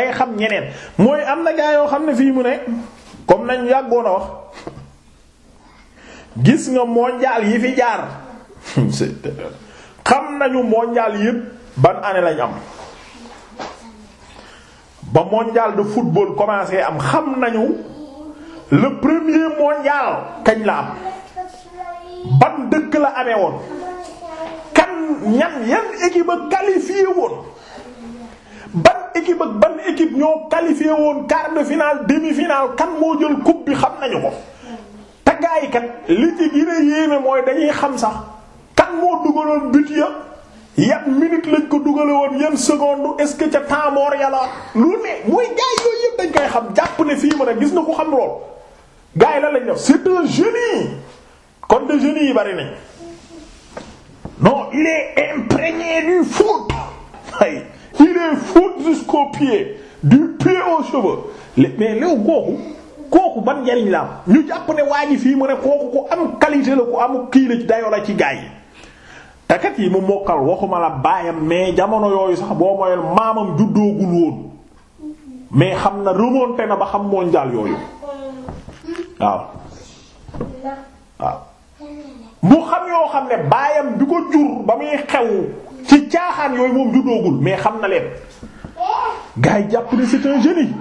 bay xam ñeneen mooy am na gaa yoo xam ne fii mu ne comme nañ yàggoon a wax gis nga mondial yi fi jaar xam nañu mondial yépp ban année lañ am ba mondial de football commencé am xam nañu le premier mondial kañ la am ban dëkk la amee woon kan ñan yan équipe a qualifié woon ban équipe ak ban équipe ñoo qualifié woon quart de finale demi-finale kan moo jël coupe bi xam nañu ko te gaa yi kat li ci gën a mooy dañuy xam sax kan moo dugaloon but ya minute lañ ko dugale woon yan seconde est-ce que ca temps mort lu ne mooy gaa yi yëpp dañ koy xam jàpp ne fii ma ne gis na ko xam lool gaa yi la lañ def c'est un génie kon de génie yi bari nañ non il imprégné du foot il est fou jusqu'aux pieds du pied aux cheveux mais léew googu kooku ban njariñ la am ñu jàpp ne waa ji fii mu ne kooku ku am qualité la ku am kii la ci dayoo la ci gaa yi takat yi mu mokkal waxuma la baayam mais jamono yooyu sax boo moyel maamam juddoogul woon mais xam na remonté na ba xam mondial yooyu waaw waaw mu xam yoo xam ne baayam bi ko jur ba muy xew ci caaxaan yooyu moom juddoogul mais xam na leen gars yi jàpp ne c'est un génie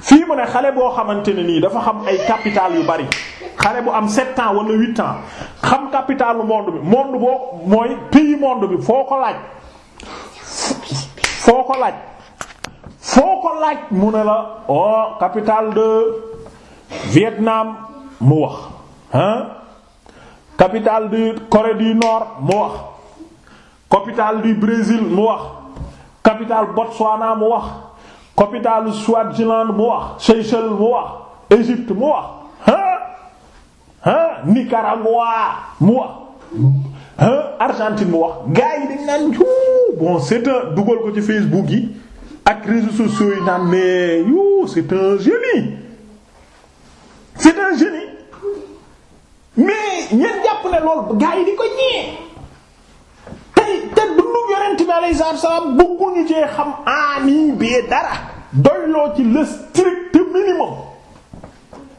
fii mu ne xale boo xamante ne nii dafa xam ay capital yu bari xale bu am sept ans wala huit ans xam capital monde bi monde boo mooy pays monde bi foo ko laaj foo ko laaj foo laaj mu ne la oh capitale de Vietnam mu wax ah capitale de Corée du Nord mu wax capitale du Brésil mu wax capitale Botswana mu wax capitale Swaziland mu wax Seychelles mu wax Égypte mu wax ah ah Nicaragua mu wax ah Argentine bon c'est un dugal ko Facebook yi ak réseaux sociaux yi naan mais yuu c'est un génie c'est un génie mais ñeen jàpp ne loolu gars yi di ko ñee te dundu yonent bi alayhi salaam bëgguñu cee xam ani bee dara doyloo ci le strict minimum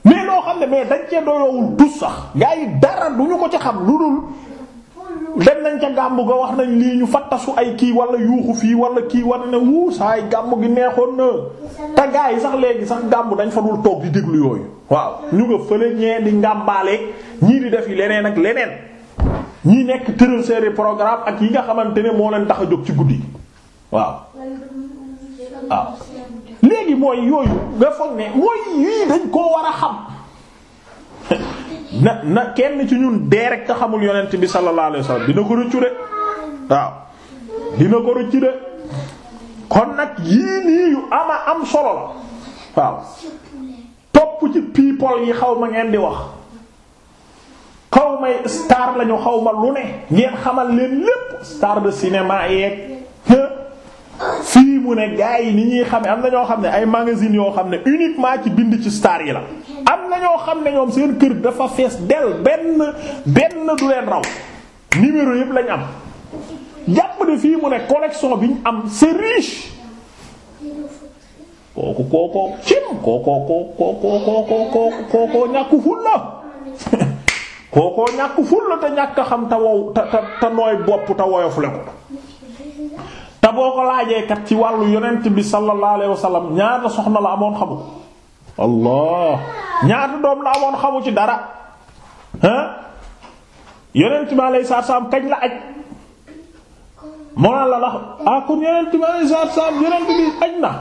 mais loo xam ne mais dañ cee doyoowul dus sax gaa yi dara duñu ko ci xam lu dul dem nañ ca gàmmu ga wax nañ lii ñu fa tasu ay kii wala yuuxu fii wala kii war ne wuu saa gi neexoon na te gaa yi sax léegi sax gàmbu dañ fa dul toog di déglu yooyu waaw ñu nga fële ñee di ngàmbaale ñii di def yi leneen ak leneen ñi nekk tëral seeni programme ak yi nga xamante ne moo leen tax a jóg ci guddi waaw waaw ah. léegi mooy yooyu nga foog ne mooy yii dañ koo war a xam na na kenn ci ñun dee xamul yonent bi sallallahu alayhi wasallam dina ko rëccu de waaw dina ko rëccu de kon nag yii nii yu ama am solo la waaw topp ci people yi xaw ma ngeen di wax xaw may star lañu xaw ma lu ne ngeen xamal leen lépp star de cinéma yeeg fii mu ne gars yi ni ñuy xamee am na ñoo xam ne ay magazines yoo xam ne uniquement ci bind ci star yi la. am na ñoo xam ne ñoom seen kër dafa fees del benn benn du leen raw numéro yëpp lañ am jàpp de fii mu ne collection bi am c'est riche. kooku kookoo cim kookoo kookoo ñàkk ful la te ñàkk xam te wow te te nooy bopp te woyof ko te boo ko laajee kat ci wàllu yonent bi sallallahu alayhi wasallam ñaata allah ñaata doom la amoon xamu ci dara hein yonent bi alayhi salaam kañ la aj moo naan la ndax ah kon yonent bi alayhi salaam yonent bi aj na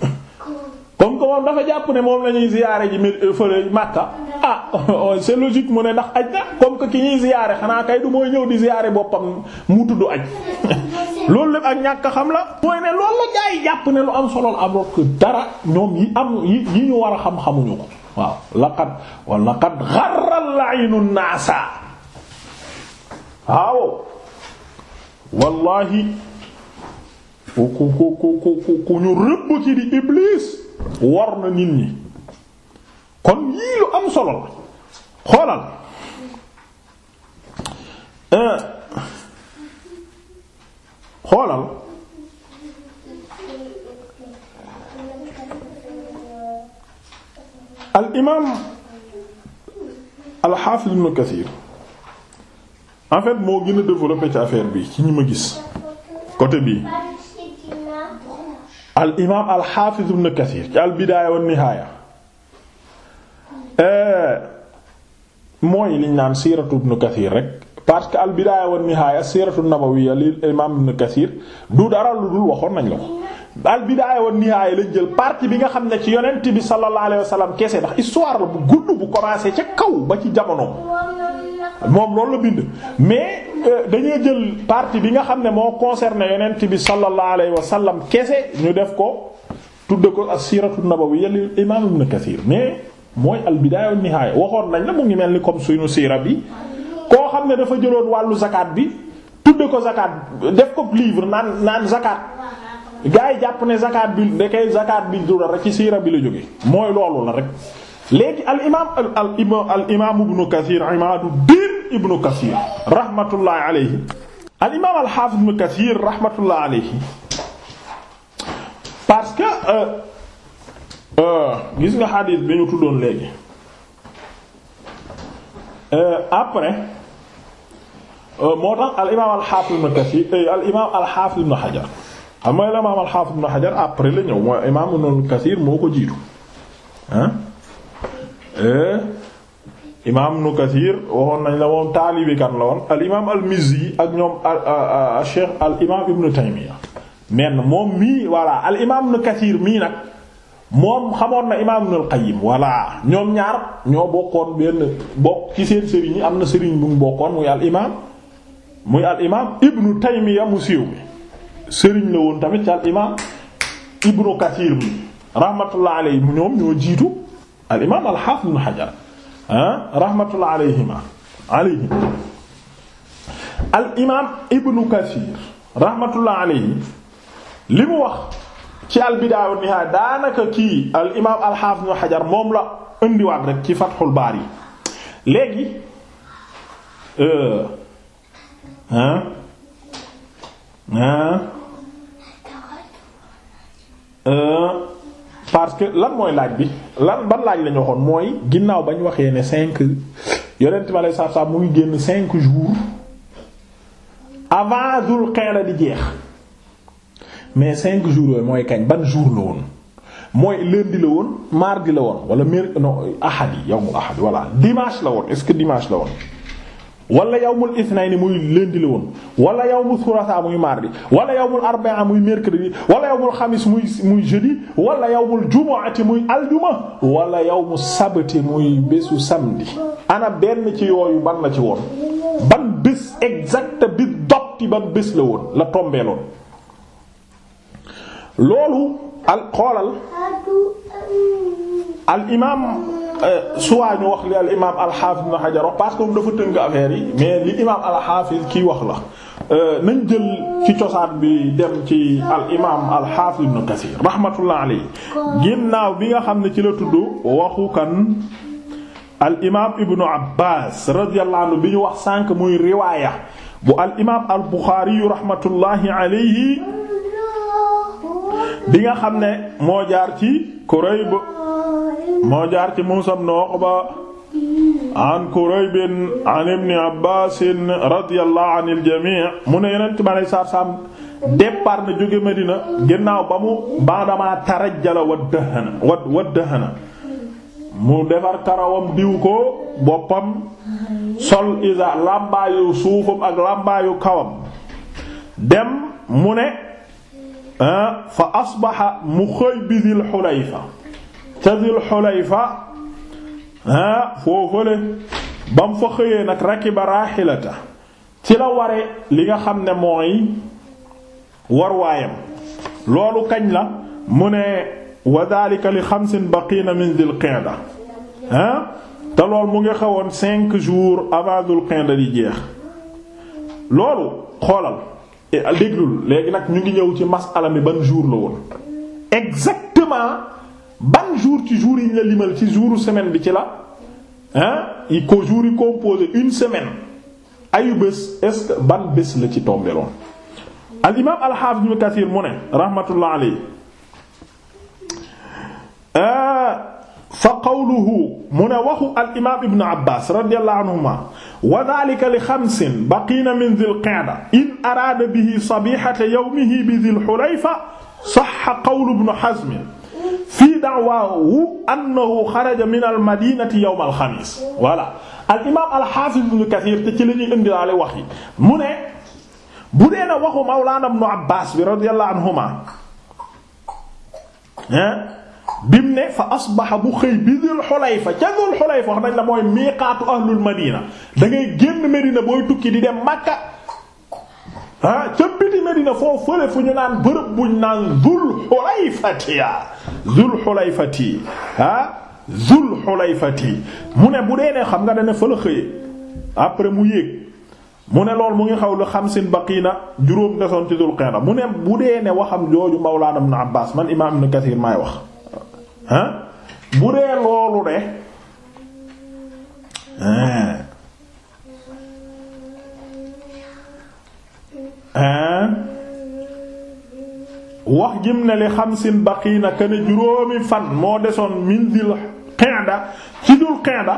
comme que moom dafa jàpp ne moom la ñuy ziyaare ji mé euh, fële Makka ah oh, c'est mu ne ndax aj na comme que ki ñuy ziyaare xanaa kay du mooy ñëw di ziyaare boppam mu tudd aj loolu lépp ak ñàkk xam la. mooy ne loolu la jàpp ne lu am solo alors que dara ñoom yi am yi yi ñu war a xam xamuñu ko waaw laqad wa laqad gharral la'inu naasa waaw wallahi ku ku ku ku ku ñu rëbb ci di Iblis. war na nit ñi kon yii lu am solo la xoolal euh, xoolal al imaam al xaafis ibnu Kasiir en moo gën a développé ci affaire bi ci ñu ma gis côté bii al imaam al xaafiz ibn Kathir ci al bidaaya wan nihaaya eh, mooy liñ naan siiratu ibn Kathir rek parce que al bidaaya wan nihaaya siiratu nabawiya li imaam ibn Kathir du dara lu dul waxoon nañ la ko. al bidaaya wan nihaaya lañ jël partie bi nga xam ne ci yonent bi sallallahu alayhi wa sallam kese ndax histoire la bu gudd bu commencé ca kaw ba ci jamono moom loolu la bind mais euh, dañuy jël partie bi nga xam ne moo concerné yonent bi sallallahu alayhi wa sallam kese ñu def ko tudde ko as-siratu nabawiyya li imam ibn kathir mais mooy al bidaaya wan waxoon nañ la mu ngi mel ni comme suñu siira bi koo xam ne dafa jëloon wàllu zakat bi tudde ko zakat def ko livre naan naan zakat gaa yi jàpp ne zakat bi ndekay zakat bi du dara ci siira bi la jóge mooy loolu la rek léegi al imaam al imaam al imaam ibnu Kathir Imaaduddin ibnu al imaam al haafiz ibnu Kathir rahmatullahi alayhi parce que euh, euh, gis nga xadiis bi ñu tuddoon léegi euh, après moo tax al imaam al haafiz ibnu Kathir al imaam al haafiz ibnu Hajar am mooy al imaam al haafiz ibnu Hajar après la ñëw mooy imaam ibnu Kathir moo ko jiitu Eh? imaam nu kathir waxoon nañ la moom taalibi kan la woon al imaam al mizzi ak ñoom al cheikh al imaam ibnu taymiya men moom mii voilà al imaam nu kathir mii nag moom xamoon na imaam ibnul qayyim voilà ñoom ñaar ñoo bokkoon benn bokk ci seen sëriñ yi am na sëriñ bu mu bokkoon muy al imaam muy al imaam ibnu taymiya mu siiw mi sëriñ la woon tamit ci al imaam ibnu kathir mi rahmatullah alayhi ñoom ñoo jiitu al imaam al xaafis ibn Hajar ah, rahmatullah alayhima alayhim al imaam Ibn Kathir rahmatullah alayhi li mu wax ci al bidaaya wan nihaaya daanaka kii al imaam al xaafis ibn Hajar moom la indiwaat rek ci Fathul Baari léegi ah ah. parce que lan mooy laaj bi lan ban laaj la ñu waxoon mooy ginnaaw ba ñu waxee ne cinq yonent bi aleyhi salaatu salaam mu ngi génn cinq jour avant Dhoul Qi'da di jeex mais cinq jour yooyu mooy kañ ban jour la woon mooy lundi la woon mardi la woon wala mer non ahadi yawmul ahadi voilà dimanche la woon est-ce que dimanche la woon. wala yawmul isnayni muy lundi la woon wala yawmul thulatha muy mardi wala yawmul arba'a muy mercredi wala yawmul xamis muy muy jeudi wala yawmul jumu'ati muy aljuma wala yawmul sabti muy bésu samedi. ana benn ci yooyu ban la ci woon ban bés exact bi dopti ban bés la woon la tombé loon loolu al xoolal al imaam. Euh, soit ñu wax li al imaam alxaafis ibn Hajar wax parce que moom dafa tënk affaire yi mais li imaam alxaafis kii wax la euh, nañ jël ci cosaan bi dem ci al imaam alxaafis ibn rahmatullah alayhi ginnaaw bi nga xam ne ci la tudd waxu kan al imaam Abbaas radiyallahu anhu bi ñu wax sànq muy riwaaya bu al imaam al Buxaari bi nga xam ne moo jaar ci Kurayb moo jaar ci Muusaa ibn Uqba an Kurayb an ibn Abbaas radiyallahu anil jamii mu ne yonent ma lay saar saam départ na jóge Medina ginnaaw ba mu baadama tarajjala wa dëhëna wa dëhëna mu defar karawam diw ko boppam sol isa làmbaayu suufam ak làmbaayu kawam dem mu ne fa asbaxa mu xëy bi dil xulayfa ca dil xulayfa foofale ba mu fa xëyee nag rakiba raaxilata ci la ware li nga xam ne mooy war loolu kañ la mu ne wa daalika li xamsin baqiina min dil qinda te loolu mu ngi xewoon cinq jours avant dul qinda di jeex loolu xoolal Eh, déglul léegi nag ñu ngi ñëw ci masala mi ban jour la woon exactement ban jour ci jour yi ñu la limal ci jouru semaine bi ci la hein yi ko jour yi composé une semaine ayu bés est ban bés la ci tombé loon al imaam al hafiz ibn kathir mu ne rahmatullah alayhi euh, fa qawluhu mu ne waxu al imaam ibn Abbas radiyallahu anhuma wa dhalika li xamsin baqiina min dhil qa'da in araada bihi sabihata yawmihi bi dhil hulayfa sahha qawlu ibn Hazm fii da'waahu annahu xaraja min al madinati yawm al xamiis voilà al imaam al haafiz ibn Kathir te ci la ñuy indilaale wax yi mu ne bu dee na waxu mawlaana ibn Abbas bi radiyallahu anhuma bi mu ne fa asbaxa bu xëy bi dul xulayfa ca dul xulayfa wax nañ la mooy miiqaatu ahlul madina da ngay génn Medina booy tukki di dem Makka ah ca biti Medina fële fu ñu naan bërëb buñ naan dul xulayfati ah dul xulayfati ah dul mu ne bu dee ne xam nga dana fa la xëyee après mu yéeg. mu ne lool mu ngi xaw lu xamsin baqiina juróom desoon ci dul qeena mu ne bu dee ne waxam jooju mawlaana ibn Abbaas man imaam ibn Kasiir maay wax ah bu dee loolu de wax jim ne li xamsin baqiina kana juróomi fan moo desoon min dil qinda ci dul qinda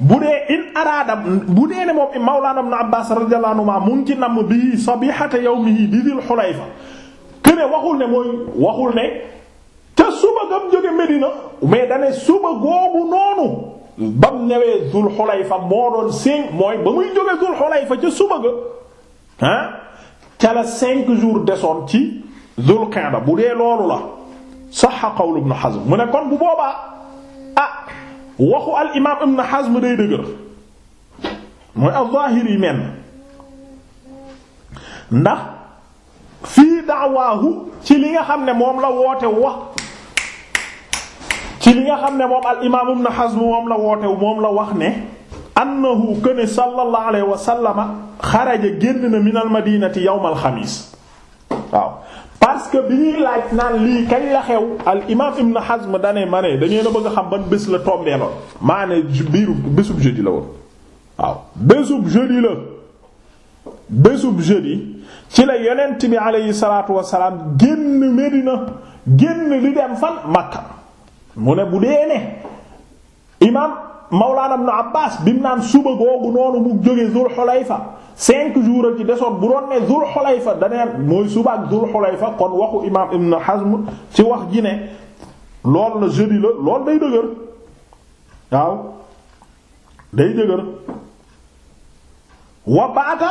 bu dee in araada bu dee ne moom mawlaana ibn Abbaas radiyallahu anhuma mu ngi ci namm bii sabihata yawmihi di dil xulayfa këne waxul ne mooy waxul ne te suba gam jóge Medina mais dane suba googu noonu ba mu newee Zul Xulayfa moo doon cinq mooy ba muy jóge Zul Xulayfa ca suba ga ah ca la cinq jours desoon ci Zul Qa'da bu dee loolu la sax qawlu Ibn Hazm bu boobaa ah, al imaam Ibn Hazm day dëgër mooy az-Zahiri yi ndax fii daawaahu ci li nga xam ne moom la woote wax ci li nga xam ne moom al imaam ibn Hazm moom la woote moom la wax ne annahu kaana sallallahu alayhi wa sallama xaraja génn na minal madinati yawmal xamiis waaw parce que bi ñuy laaj naan lii kañ la xew al imaam ibn Hazm dane ma ne dañu la bëgg a xam ban bés la tombeeloon maa ne biiru bésub jeudi la woon waaw bésub jeudi la bésub jeudi ci la yonent bi aleyhi salaatu wassalaam génn Medina génn li dem fan Makka mu ne bu dee ne imaam Mawlaana Ibn Abbaas bi mu naan suba googu noonu mu jóge Zul Xulayfa cinq jours a ci desoon bu doon ne Zul Xulayfa daneen mooy suba ak Zul Xulayfa kon waxu imaam Ibn Hazm ci wax ji ne lool na jeudi lool day dëgër waaw day dëgër wa baata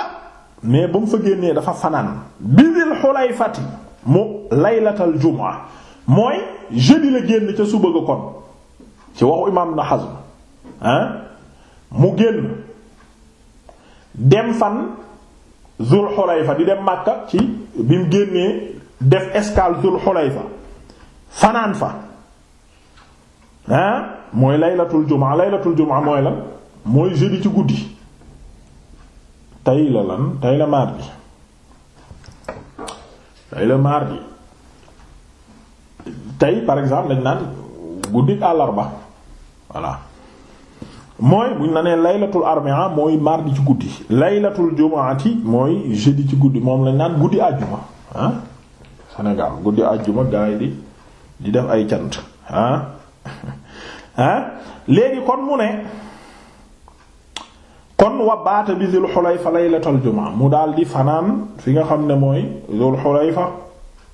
mais ba mu fa génnee dafa fanaan bi Zul Xulayfati mu laylatal jumaa mooy jeudi la génn ca suba ga kon ci waxu imaam na Hazm mu génn dem fan Zul Xulayfa di dem Makka ci bi mu génnee def escale Zul Xulayfa fanaan fa ah mooy laylatul juma laylatul juma mooy lan mooy jeudi ci guddi tey la lan tey la mardi tey la mardi tey par exemple lañ naan guddi àllarba voilà mooy buñ la nee laylatul arba'a mooy mardi ci guddi laylatul jumu'ati mooy jeudi ci guddi moom lañ naan guddi àjjuma ah Sénégal guddi àjjuma gaa yi di di def ay cant ah. ah léegi kon mu ne kon wa baata bi Zul Xulayfa laylatul jumu'a mu dal di fanaan fi nga xam ne mooy Zul Xulayfa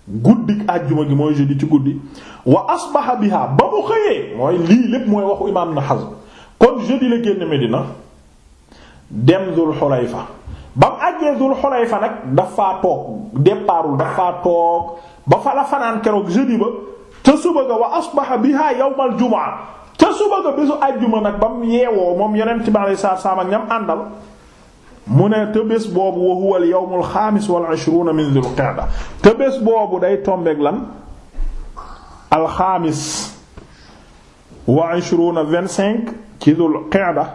guddik àjjuma gi mooy jeudi ci guddi wa asbaha biha ba mu xëyee mooy lii lépp mooy waxu imaam na Hazm kon jeudi la génn Medina dem Dul fa ba mu àjjee Dul fa nag dafa toog départul dafa toog ba fa la fanaan keroog jeudi ba ca suba ga wa asbaha biha yawmal jumaa ca suba ga bésu àjjuma nag ba mu yeewoo moom yeneen ci baax saama saam ñam àndal mu ne te bés boobu wa huwa al-yawm al-xaamis te bés boobu day tombeeg lan alxaamis wa ishruuna vingt-cinq ci dhul qa'da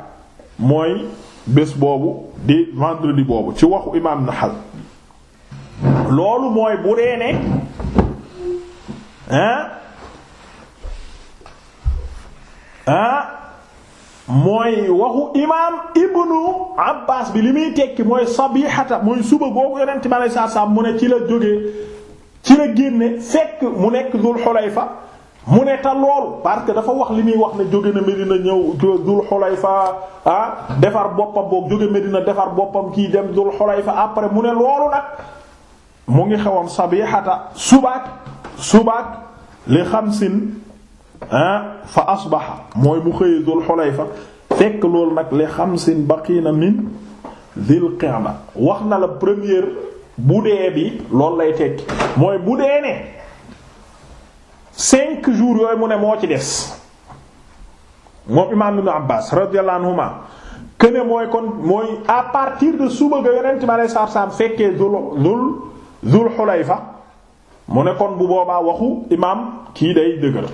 mooy bés boobu di vendredi boobu ci waxu imaam Ibn Hazm loolu mooy bu dee ne mooy waxu imaam ibnu abbas bi li muy tekki mooy sabihata mooy suba googu yonent bi alei satu salaam mu ne ci la jóge ci la génne fekk mu nekk dul xulayfa mu ne te loolu parce que dafa wax li muy wax ne jóge na Medina ñëw dul xulayfa ah defar boppam boog jóge Medina defar boppam kii dem dul xulayfa après mu ne loolu nag mu ngi xewoon sabihata subaak subaak li xamsin fa asbaxa mooy mu xëyee dul xulayfa fekk loolu nag li xamsin baqiina min dil qa'da wax na la première bu dee bi loolu lay tekki mooy bu dee ne cinq jours yooyu mu ne moo ci des moom imaam ibn Abbaas radiyallahu anhuma que ne mooy kon mooy à partir de suba ga yonent ma lay saar saam fekkee dul dul dul xulayfa mu ne kon bu boobaa waxu imaam kii day dëgër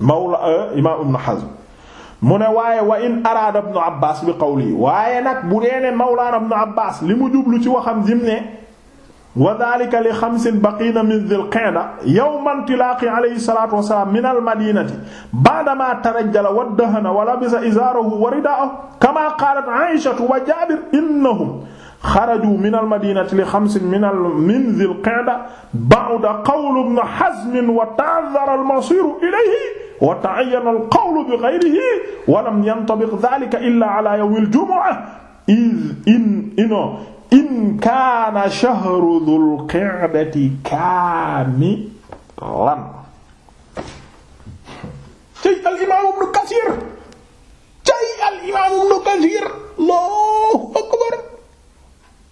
mawla euh, imaam ibn Hazm mu ne waaye wa in araada ibn Abbaas bi qawli waaye nag bu dee ne mawlaana ibn Abbaas li mu jublu ci waxam jim ne wa dhalika li xamsin baqiina min dhil qa'da yawma intilaaqi alayhi salaatu wa salaam min al madinati ba'dama tarajjala wa dahana wa labisa izaarahu wa ridaahu kama qaalat Aysatu wa Jaabir innahum xaraju min al madinati li xamsin min al min dhil qa'da ba'da qawlu ibn hazm wa ta'azzara al masiru ilayhi wa ta'ayyana al qawlu bi ghayrihi wa lam yantabiq dhalika illa ala yawm al jumu'a id in ino in kaana shahru dhil qa'dati kaamilan cay al imam ibn kathir cay al imam ibn kathir allahu akbar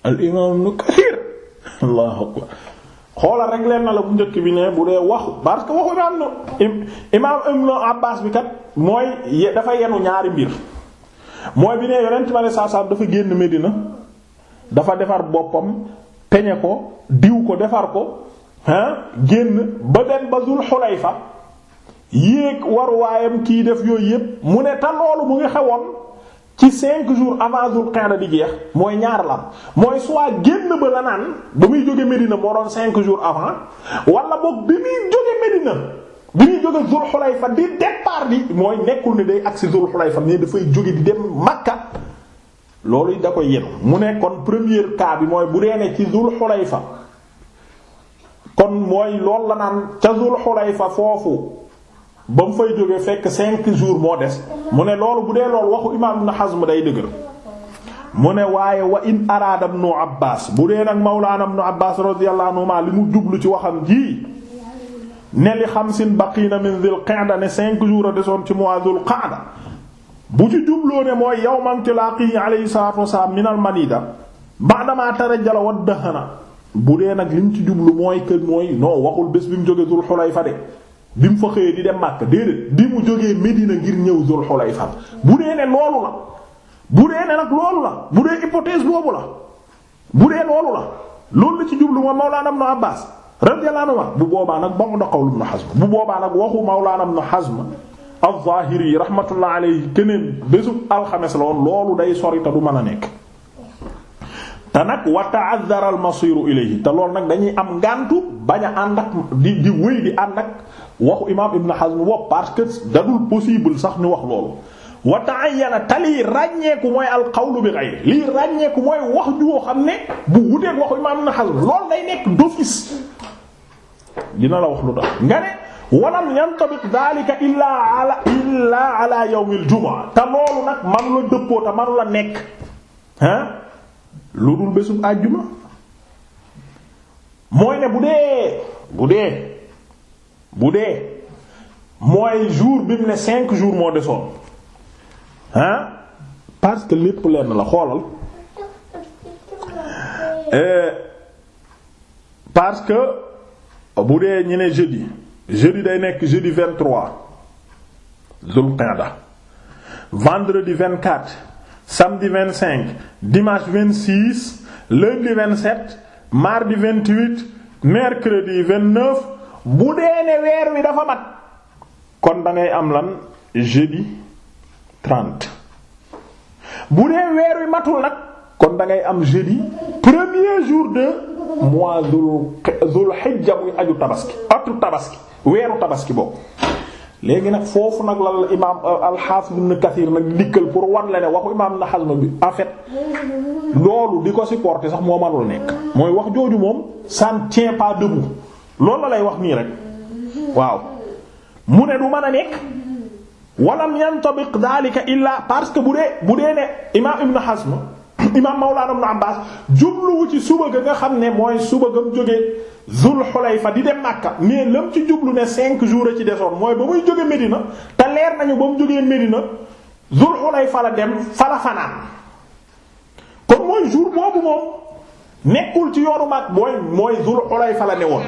al imaam ibn Kathir allahu akbar xoolal rek leen na la bu njëkk bi ne bu dee waxu parce que waxu imaam imaam ibn Abbaas bi kat mooy dafa yenu ñaari mbir mooy bi ne yonent ma ne saa dafa génn Medina dafa defar boppam peñe ko diw ko defar ko ah génn ba dem ba Zul Xulayfa yéeg war waayam kii def yooyu yépp mu ne te loolu mu ngi xewoon ci cinq jours avant Dhoul Qi'da di jeex mooy ñaar la mooy soit génn ba la naan ba muy jóge Medina moo doon cinq jours avant wala boog bi muy jóge Medina bi muy jóge Dhoul Houlayfa di départ bi mooy nekkul ne day agsi Dhoul Houlayfa mais dafay jóge di dem Makka loolu da koy yenu mu ne kon premier cas bi mooy bu dee ci Dhoul Houlayfa kon mooy loolu la naan ca Dhoul Houlayfa foofu. ba mu fay jógee fekk cinq jours moo des mu ne loolu bu dee loolu waxu imaam Ibn Hazm day dëgër mu ne waaye wa in araada Ibnu Abbaas bu dee nag mawlaana Ibnu Abbaas radiyallahu anhuma li mu jublu ci waxam ji ne li xamsin baqiina min Dhul Qa'da ne cinq jours a desoon ci mois Dhul Qa'da bu ci jubloo ne mooy yawman tulaqi alayhi salaatu wasalaam minal manida ba'da ma tarajjala wa dahana bu dee nag li mu ci jublu mooy kër mooy non waxul bés bi mu jógee Dhul Hulayfa de bi mu fa xëyee di dem Makka déedéet bi mu jógee Medina ngir ñëw Zul Xulayfa bu dee ne loolu la bu dee ne nag loolu la bu dee hypothèse boobu la bu dee loolu la loolu la ci jublu moom Mawlaana Ibn Abbaas radiyallahu anhu bu boobaa nag ba mu da qawlu Ibn Hazm bu boobaa nag waxu Mawlaana Ibn Hazm al-Zaahiri rahmatullah alayhi keneen bésub alxames la woon loolu day sori te du mën a nekk. te nag wa ta'azzara al masiru te loolu nag dañuy am ngàntu bañ a ànd ak di di di ànd ak waxu imaam Ibn Hazm wopp parce que dadul possible sax ni wax loolu wa ta'ayyana te lii ràññeeku mooy al qawlu bi ghayr lii ràññeeku mooy wax ju woo xam ne bu wuteek waxu imaam Ibn Hazm loolu day nekk d'office dina la wax lu tax nga ne walam yantabiq daalika illaa ala illaa ala jumaa te loolu nag man la dëppoo te man nekk lu dul bésub àjjuma mooy ne bu dee bu dee bu dee mooy jour bi mu ne cinq jour moo desoon ah parce que lépp lenn la xoolal eh, parce que bu dee ñu ne jeudi jeudi day nekk jeudi vingt trois Zulqaada vendredi vingt quatre samedi vingt cinq dimanche 26 lundi 27 mardi 28 mercredi 29 bu dee ne weer wi dafa mat kon da ngay am lan jeudi 30 bu dee weer wi matul nag kon da ngay am jeudi premier jour de mois Dhul Hijja muy aju tabaski atu tabaski weeru tabaski boobu. léegi nag foofu nag la la imaam euh, al bu Ibn Kathir nag dikkal pour wan la ne waxu imaam Ibn Hazm bi en fait loolu di ko supporter sax moo manul nekk mooy wax jooju moom ça ne tient pas debout loolu la lay wax nii rek waaw mu ne du man a nekk walam yantabiq dhalika illa parce que bu dee bu dee ne imaam Ibn Hazm na Mawlaana Ibn Abbaas jubluwu ci suba ga nga xam ne mooy suba ga mu jógee Zul Xulayfa di dem Makka mais ci jublu ne cinq jours a ci desoon mooy ba muy jóge Medina te leer nañu ba mu jógee Medina Zul Xulayfa la dem fa la fanaan kon mooy jour boobu ci yoonu mag mooy mooy Zul Xulayfa la woon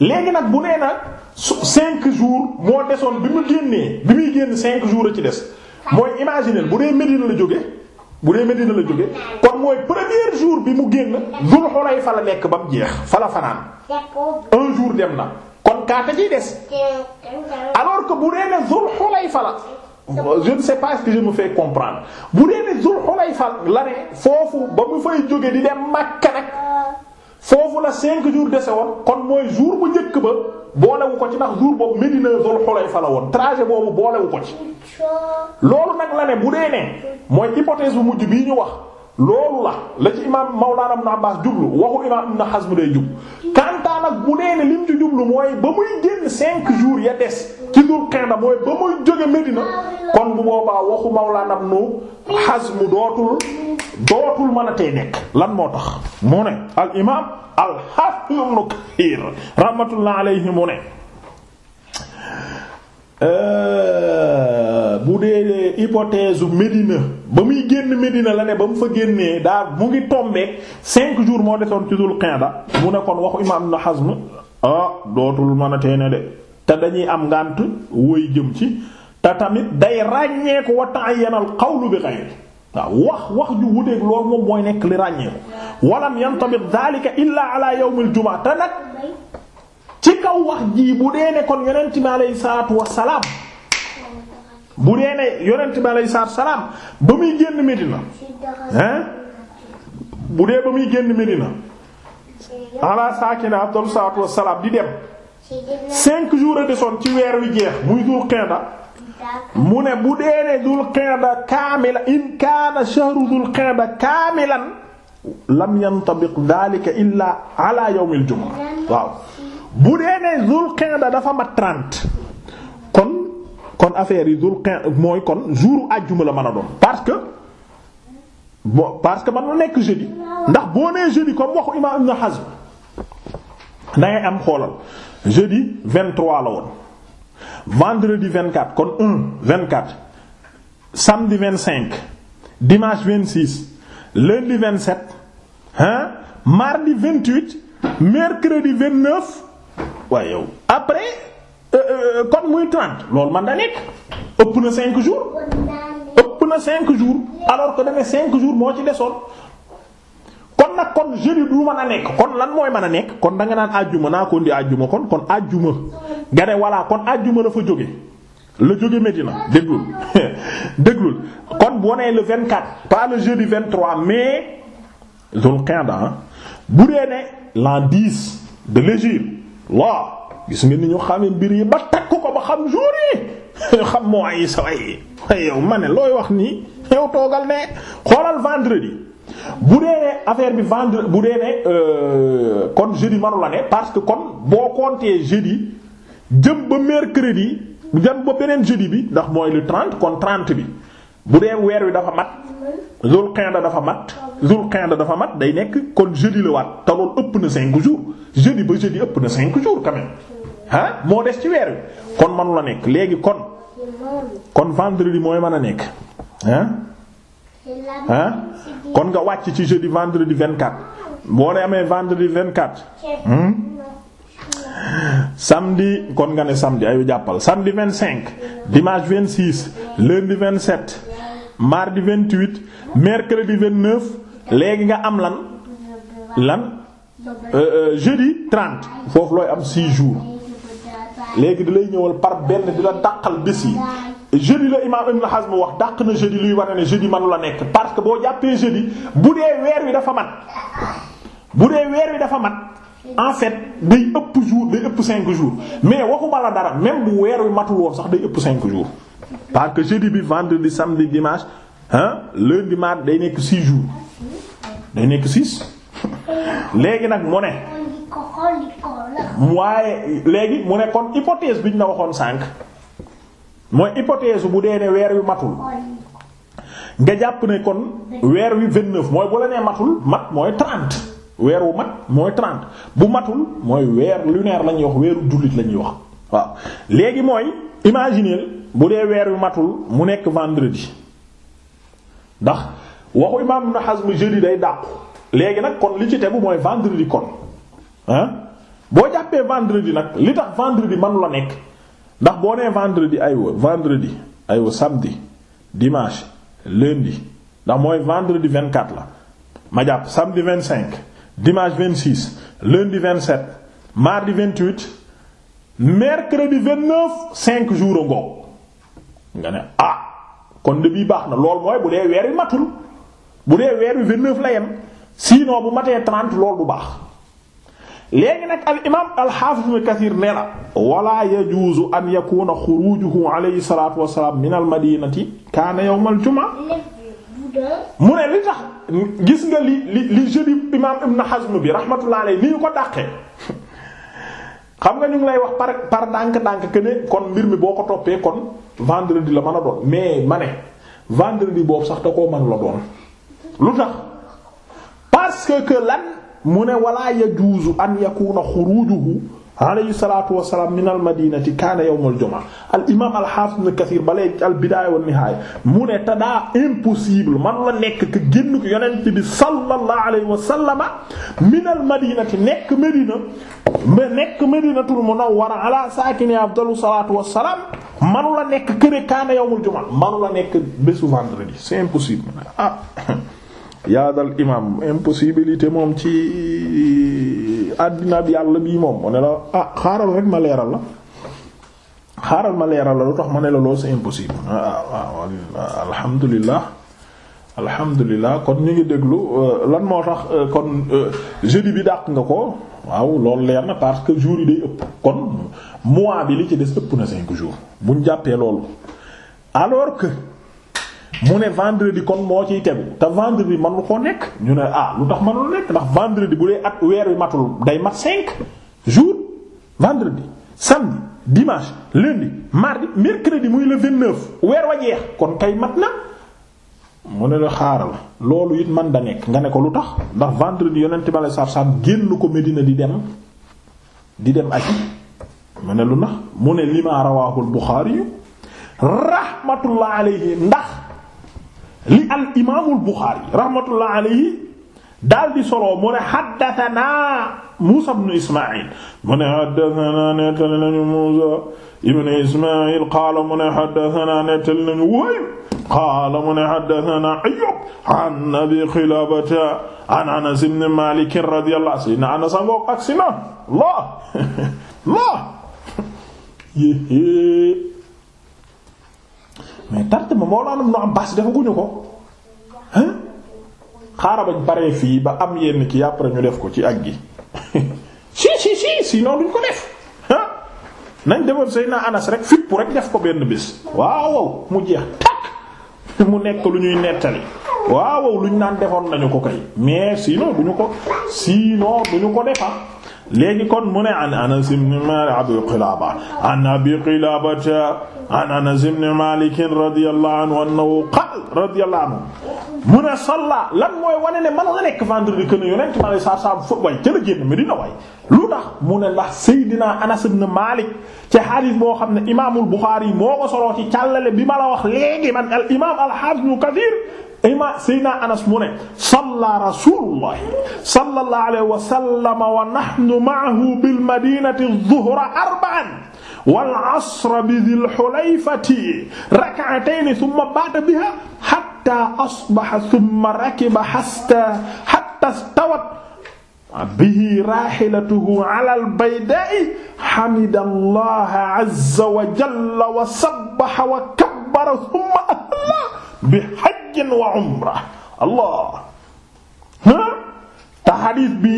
léegi nag bu nee nag cinq jours moo desoon bi mu génnee bi muy génn cinq jours a ci des mooy imaginer bu dee Medina la jóge bu dee Medina la jóge kon mooy premier jour bi mu génn Dul Xulayfa la nekk ba mu jeex fa la fanaan un jour dem na kon kaata ciy des alors que bu dee ne Dul Xulayfa la je ne sais pas que je me fais comprendre bu dee ne Dul Xulayfa la ne foofu ba mu fay jóge di dem Makka nag foofu la cinq jours dese woon kon mooy jour bu njëkk ba boolewu ko ci ndax jour boobu Medina Zul Xulayfa la woon trajet boobu boolewu ko ci. loolu nag la ne bu dee ne mooy hypothèse bu mujj bii ñu wax. loolu la la ci imaam Mawlana Ibn Abbas jublu waxu imaam Ibn Hazm day jub kantaan bu nee ne ci jublu mooy ba muy génn cinq jours ya des ci dul mooy ba muy jóge Medina kon bu boobaa waxu Mawlana Ibn Hazm dootul dootul mën nekk lan moo tax mu ne al imaam al Hafiz Ibn Kathir rahmatullah alayhi mu ne Euh, bu dee hypothèse u Médina ba muy génn Médina la ne ba mu fa génnee daal mu ngi tombé cinq jours moo desoon ci dul qinda mu ne kon waxu imaam Ibn Hazm ah dootul mën a teene de te dañuy am ngànt woy jëm ci te tamit day ràññeeku wa ta'ayyana al-qawlu bi ghayri waaw wax wax ju wuteeg loolu moom mooy nekk li ràññeeku walam yantabit dhalika illa ala yawm al te nag kaw wax jii bu dee ne kon yonent bi alayhi salaatu wassalaam bu ne yonent bi alayhi salaatu wassalaam ba muy génn Medina hein bu dee ba muy génn Medina ala saakina afdalu di dem cinq jours a desoon ci weer wi jeex muy dul qinda mu ne bu ne dul qinda kaamila in kaana shahru dul qinda kaamilan lam yantabiq daalika illaa ala yawmil jumaa bu dee ne zul qa'da dafa mat trente kon kon affaire yi zul qa'da mooy kon jour àjjuma la mën a doon parce que bon parce que man na nekk jeudi ndax boo nee jeudi comme waxu imaam Ibn Hazm da ngay am xoolal jeudi 23 la woon vendredi 24 kon 1 24 samedi 25 dimanche 26 lundi 27 hein mardi 28 mercredi 29 waaye yow après kon euh, euh, muy trent loolu man da nekk ëpp na 5 jours ëpp na 5 jours alors que dafay 5 jours moo ci desoon kon nag kon jeudi du mën a nekk kon lan mooy mën a nekk kon da nga naan àjjuma naa ko ndi àjjuma kon kon àjjuma nga ne kon àjjuma la fa jóge la jóge Medina déglul déglul kon boo nee le 24 pas le jeudi 23 mais Zul Qa'da bu dee ne l'an 10 de l'hégire laa gis nga ni ñu xamee mbir yi ba takk ko ba xam jour yi xam moo ay sa way waaye yow ma ne looy wax nii yow toogal ne xoolal vendredi bu dee ne affaire bi vendredi bu dee ne euh, kon jeudi manu la ne parce que kon boo compter jeudi jëm ba mercredi jëm ba beneen jeudi bi ndax mooy le 30 kon 30 bi bu dee weer wi dafa mat zul qa'da dafa mat zul qa'da dafa mat day nekk kon jeudi la waat te loolu ëpp na 5 jours. jeudi ba jeudi ëpp na cinq jours quand même ah moo des ci weer wi kon manu la nekk léegi kon kon vendredi mooy man a nekk ah ah kon nga wàcc ci jeudi vendredi vingt quatre boo ne amee vendredi vingt quatre hmm? samedi kon nga ne samedi ayu jàppal samedi vingt cinq dimanche vingt six lundi vingt sept mardi vingt huit mercredi vingt neuf léegi nga am lan lan Euh, euh, jeudi 30 foofu looy am 6 jours léegi di lay ñëwal par benn di la dàqal bés yi jeudi la imaam Ibn Hazm wax dàq na jeudi luy wane ne jeudi manu la nekk parce que boo jàppee jeudi bu dee weer wi dafa mat bu dee weer wi dafa mat en fait day ëpp jour day ëpp 5 jour mais waxuma la dara même bu weer wi matul sax day ëpp 5 jour parce que jeudi bi vendredi samedi dimanche hein lundi mardi day nekk 6 jours day nekk 6. léegi nag mu ne waaye léegi mu ne kon hypothèse bi ñu la waxoon sànq mooy hypothèse bu dee ne weer wi matul nga jàpp ne kon weer wi vingt neuf mooy bu la nee matul mat mooy trente weer wu mat mooy trente bu matul mooy weer lunaire la ñuy wax weeru jullit la ñuy wax waaw léegi mooy imaginer bu dee weer wi matul mu nekk vendredi ndax waxu imaam Ibn Hazm jeudi day dàqu. léegi nag kon li ci tegu mooy vendredi kon ah boo jàppee vendredi nag li tax vendredi man la nekk ndax boo nee vendredi aywa vendredi aywa samedi dimanche lundi ndax mooy vendredi 24 la ma jàpp samedi 25 dimanche 26 lundi 27 mardi 28 mercredi 29 5 jours a ngoog nga ne ah kon de bii baax na lool mooy bu dee weer wi matul bu dee weer wi 29 la yem. sinon bu matee 30 loolu du baax léegi nag al imaam al xaafiz ibn kathir ne la wala yajuuzu an yakuna xurujuhu alayhi salaatu wasalaam min madinati kaana yawm al mu ne li tax gis nga li li li jeudi imaam ibn hazm bi rahmatullah alayhi ni ñu ko dàqee xam nga ñu ngi lay wax par par ndànk-ndànk que kon mbir mi boo ko toppee kon vendredi la mën a doon mais ma ne vendredi boobu sax da koo mën la doon lu tax parce que lan mu ne wala yajuuzu an yakuna xurujuhu alayhi salaatu wasalaam min al madinati kaana yawm al jumaa al imaam al haafis ibn Kasiir balay al bidaaya wan nihaaya mu ne te daa impossible man la nekk que génn ko yonent bi sallallahu alayhi wa sallama min al madinati nekk Medina mais nekk Madinatul Munawwara ala saakini afdalu salaatu wasalaam manu la nekk que ne kaana yawm al jumaa manu la nekk bésu vendredi c'est impossible ah. yaadal imam impossibilité moom ci àddina bi yàlla bii moom mu ne la ah xaaral rek ma leeral la xaaral ma leeral la lu tax ma ne la loolu c'est impossible ah waaw alhamdulilah alhamdulilah kon ñu ngi déglu euh, lan moo tax euh, kon euh, jeudi bi dàq nga ko waaw loolu leer na parce que jours yi day ëpp kon mois bi li ci des ëpp na cinq jours buñ jàppee loolu alors que. mu ne vendredi kon moo ciy tegu te vendredi man lu koo nekk ñu ne ah lu tax mënul nekk ndax vendredi bu dee at weer wi matul day mat cinq jours vendredi samedi dimanche lundi mardi mercredi muy le vingt-neuf weer wa jeex kon kay mat na mu ne la xaaral loolu it man da nekk nga ne ko lu tax ndax vendredi yonent bale sarsam génn ko Medina di dem di dem aji mu ne lu nax mu ne lima rawaahul Buxaari yu rahmatullah alayhi ndax li al imaamul Buxaari rahmatullah alayhi daal di soloo mu ne haddathana Muusa ibn Ismaa'il mu ne haddathana nettali nañu Muusa ibn Ismaa'il qaala mu ne haddathana nettali nañu Wahb qaala mu ne haddathana Ayyuub an Abi Xilaabata an Anas ibn Maalik radiyallahu anhu Anas ak si na la la mais tarjama Mawlana Ibn Abbas defaguñu ko hein xaaral bañ paree fii ba am yenn ki après ñu def ko ci ak gi si si si sinon duñ ko def ah nañ defoon Seydina Anas rek fipp rek def ko benn bis waaw mu jeex takk mu nekk lu ñuy nettali waaw luñ naan defoon nañu ko kay mais sinon duñu ko sinon duñu ko defa léegi kon mu ne an Anas ibn Malik Abu Qilaba an Abi Qilaba an Anas ibn Malik radiyallahu anhu annahu qaal radiyallahu anhu mu ne salla lan mooy wane ne man la nekk vendredi que ne yonent ma lay saa saa fo way ca la génn Medina way lu tax mu ne ndax Seydina Anas ibn Malik ci xadis boo xam ne imaamul Buxaari moo ko soloo ci càllale bi ma la wax léegi man al imaam al-Hafiz Ibn Kathir ima Seydina Anas mu ne salla rasulullah sallallahu alayhi wa sallam wa nahnu ma'ahu bil madinati dhuhra arba'an wal asra bi dhil hulayfati rak'atayn thumma baata biha hatta asbaha thumma rakiba hasta hatta istawat bihi rahilatuhu ala albayda'i hamida allaha azza wa jalla wa sabbaha wa kabbara thumma ahla bi hajjin wa umra allah te xadiis bi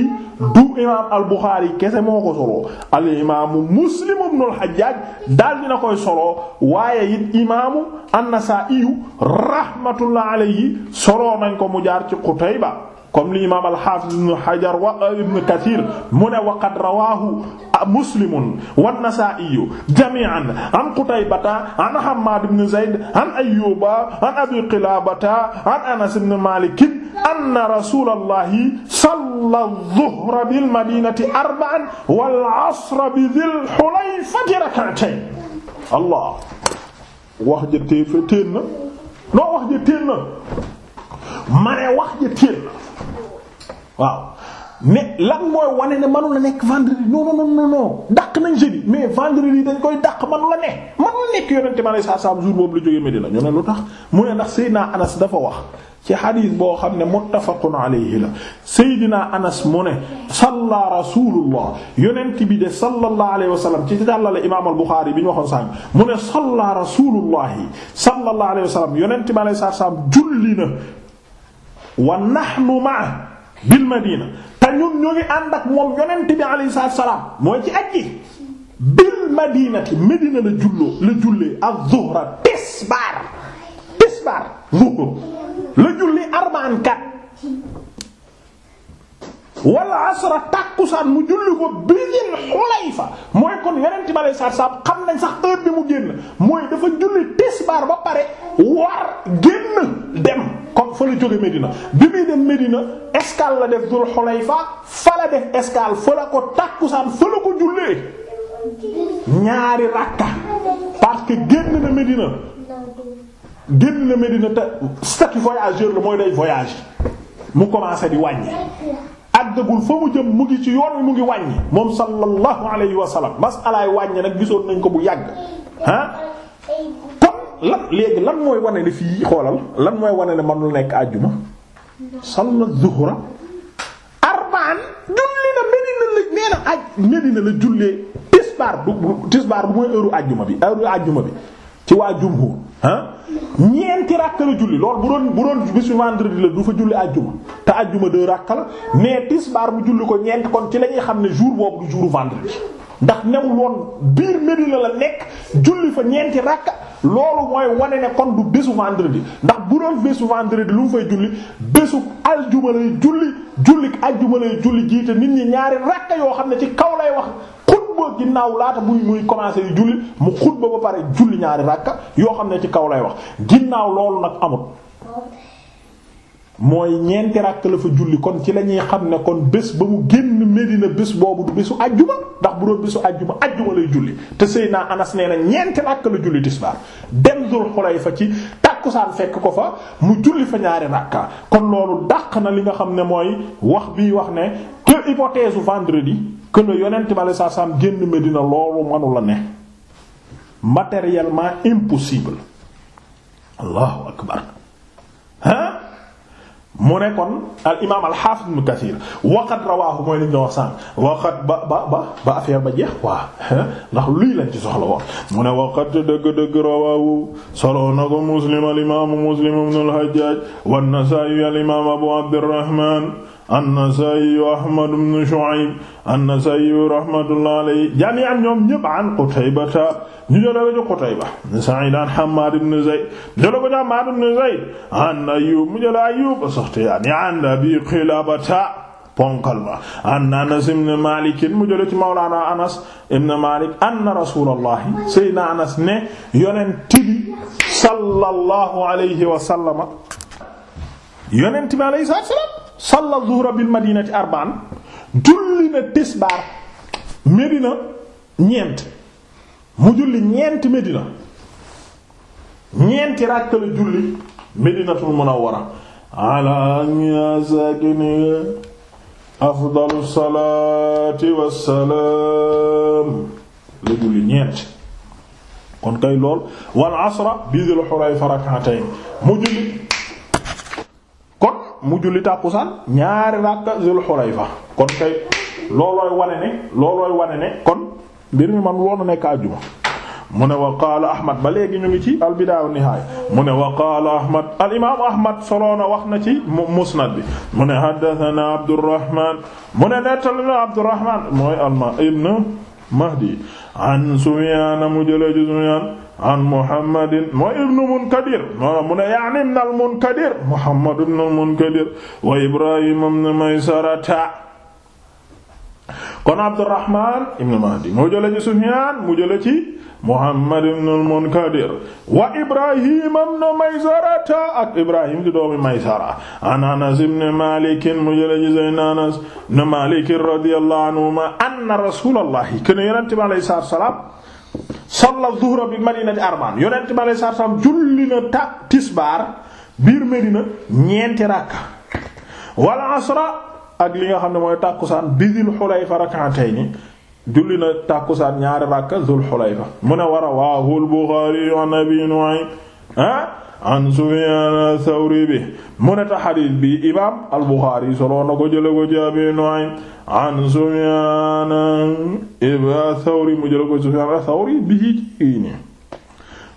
du imaam al-Buxaari kese moo ko soloo al-imaamu Muslim ibnu al-Hajjaaj daal dina koy soloo waaye it imaamu an-Nasaa'i rahmatullah alayhi soloo nañ ko mu jaar ci Qutayba comme li imaam al-Hafiz ibn Hajar wa ibn Kathir mu ne wa qad rawahu Muslimun wa an-Nasa'i jami'an an Qutaybata an Hammad ibn Zayd an Ayyuba an Abi Qilabata an Anas ibn Malik anna rasulallahi salla zuhra bil madinati arba'an wal asra bi dhil hulayfati rak'atayn allah wax ja téen na noo wax ja téen na ma ne wax ja téen na waaw mais lan mooy wane ne manu la nekk vendredi non non non non dàq nañ jeudi mais vendredi dañ koy dàq manu la ne manu la nekk yonente ma ne saa saa boobu la jógee Medina ñu ne lu tax mu ne ndax Seydina Anas dafa wax ci xadiis boo xam ne muttafaqun alayhi la Seydina Anas mu ne salla rasulullah yonent bi de sallallahu alayhi wa sallam ci jàllale imaam al-Buxaari bi ñu waxoon sànq mu ne salla rasulullahi sallallahu alayhi wa sallam yonent ma ne saa saa julli na wa nahnu ma'a bil madina te ñun ñu ngi ànd ak moom yonent bi alayhi salaam mooy ci aj gi bil madinati medina la julloo la jullee az-zuhra tisbaar tisbaar zuhr la julli arba'an kat wala asra tàkkusaan mu julli ko bisil xulayfa mooy kon yonent bi alei xam nañ sax heure bi mu génn mooy dafa julli tisbaar ba pare war génn dem comme fa la jóge Medina bi muy dem Medina escale la def dul xulayfa fa la def escale fa la ko tàkkusaan fa la ko jullee ñaari rakka parce que génn na Medina génn na Medina te statut voyageur la mooy day voyage mu commencé di wàññi àggagul fa mu jëm mu ngi ci yoon wi mu ngi wàññi moom sallallahu alayhi wa sallam masalaay wàññi nag gisoon nañ ko bu yàgg ah kon lan léegi lan mooy wane ne fii xoolal lan mooy wane ne manul nekk àjjuma salla zuhra arbaan julli na medina la nee na aj medina la jullee tisbaar du tisbaar bu mooy heure u bi heure u bi ci waa jumhur ah ñeenti ràkka la julli loolu bu doon bu doon bisu vendredi la du fa julli àjjuma te àjjuma deux ràkka la mais tisbaar mu julli ko ñeent kon ci la ñuy xam ne jour boobu du jour vendredi ndax newul woon biir Medina la nekk julli fa ñeenti ràkka loolu mooy wane ne kon du bésu vendredi ndax bu doon bésu vendredi lu mu fay julli bésu aljuma lay julli julli aljuma lay julli jiite nit ñi ñaari ràkka yoo xam ne ci kaw lay wax xutba ginnaaw laata muy muy commencé yu julli mu xutba ba pare julli ñaari ràkka yoo xam ne ci kaw lay wax ginnaaw loolu nag amut mooy ñeenti ràkk la fa julli kon ci la ñuy xam ne kon bés ba mu génn Medina bés boobu du bésu ajjuma ndax bu doon bésu ajjuma ajjuma lay julli te Seydina Anas nee na ñeenti ràkk la julli tisbaar dem Dul Xulayfa ci tàkkusaan fekk ko fa mu julli fa ñaari ràkka kon loolu dàq na li nga xam ne mooy wax bii wax ne que hypothèse vendredi. këna yonent bi alei satu salaam génn Medina loolu manu ne matériellement impossible allahu akbar ah mu ne kon al imaam al xaafis ibn Kasiir rawaahu mooy liñ doon wax sànq ba ba ba ba ba jeex quoi ndax lii lañ ci soxla woon. mu ne waqad dëgg-dëgg rawaahu solo na ko muslim al muslim ibn al Hajjaaj wa an Abu Abdirrahmaan an-Nasaa'i wa Ahmad ibn Shu'ayb an-Nasaa'i rahmatullahi alayhi jamii'an ñoom ñëpp an Qutayba ñu jëlee ko Qutayba ibn Sa'iid an Hammaad ibn Zayd jëlee ko Hammaad ibn Zayd an Ayyuub mu jëlee Ayyuub as-Saxtiyaani an Abii Qilaabata ponkal ma an anas ibn malik mu jële ci mawlaana anas ibn malik anna rasulallahi sayyidina anas ne yonent bi sallallahu alayhi wa sallama yonent bi alayhi salaam salla zuhra bil madinati arbaan julli na tisbaar medina ñeent mu julli ñeenti medina ñeenti ràkk la julli medinatul munawwara ala ya sakini afdalu salaati wassalaam la julli ñeent kon kay lool wal asra bi dil hurayfa rak'atayn mu julli mu julli tàkkusaan ñaari ràkka Zul Xulayfa kon kay loolooy wane ne loolooy wane ne kon mbir mi man loolu nekk àjjuma mu ne wa qaala ahmad ba léegi ñu ngi ci al bidaaya wa nihaaya mu ne wa ahmad al ahmad soloona wax na ci musnad bi mu ne haddathana abdurrahman mu ne nettalina abdurrahman mooy alma ibn mahdi an sufyaan mu jëlee ci sufyaan an Muhammadin mooy ibnu Munkadir moo mu ne yaani ibn al-Munkadir Muhammad ibn al-Munkadir wa Ibrahim ibn Maysarata kon Abdurrahman ibn Mahdi moo jële ci Sufyan mu jële ci Muhammad ibn al-Munkadir wa Ibrahim ibn Maysarata ak Ibrahim di doomi Maysara an Anas ibn Malik mu jële ci Sayyidina Anas ibn Malik radiyallahu anhuma anna Rasulullahi salla zuhra bi madinati arbaan yonent bi julli na tak tisbaar biir Medina ñeenti ràkka wala asra ak li nga xam ne mooy tàkkusaan bi Dul Xulayfa rak'atayni julli na tàkkusaan ñaari ràkka Dul Xulayfa mu ne war a waahul Buxaari an Abi Nu'aym ah, an Sufyaan Sawri bi mu ne ta xadiis bi imaam al Buxaari solo na ko jële ko Abi Nu'aym an Sufyaan ibn Thawri mu jëla ko Sufyaan Thawri bii ci nii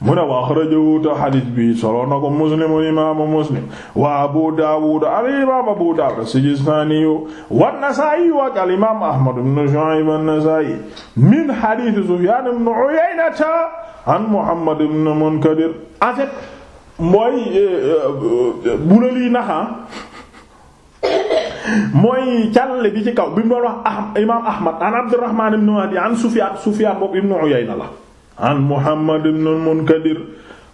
mu ne wa axrajahu ta xadis bi solo na ko muslimu imaamu muslim wa abu daawud al imaam abu daawud sijistaani wa nasaa'i wa al imaam ahmad ibn shu'ayb an-nasaa'i min xadis Sufyaan ibn Uyaynata an muhammad ibn munkadir en fait mooy euh, euh, bu la lii naxa ah, mooy càllale bi ci kaw bi mu doon wax ah imaam Ahmad an Abdurrahman ibn Mahdi an Sufyan Sufyan boobu ibn Uyayna la an Muhammad ibn munkadir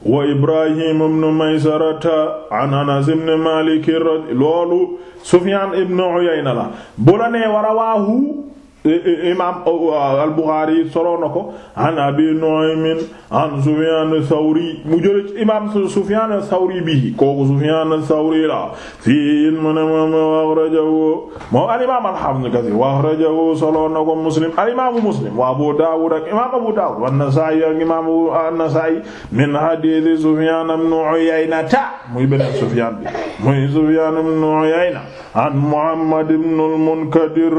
wa Ibrahim ibn Maysarata an Anas ibn Malik loolu Sufyan ibn Uyayna la wa rawaahu imaam euh, euh, al-Bukhari soloo na ko an Abi Nu'aym an Sufyan ath-Thawri mu jële ci imaam Sufyan ath-Thawri bi kooku Sufyan ath-Thawri la fii mu ne moom akhrajahu moom al-imaam al-Hafiz Kathir wa akhrajahu soloo na ko Muslim al-imaam Muslim wa Abu Dawud ak imaam Abu Dawud wa an-Nasa'i ak imaam an-Nasa'i min hadith Sufyan ibn Uyayna muy beneen Sufyan bi muy Sufyan ibn Uyayna an Muhammad ibn al-Munkadir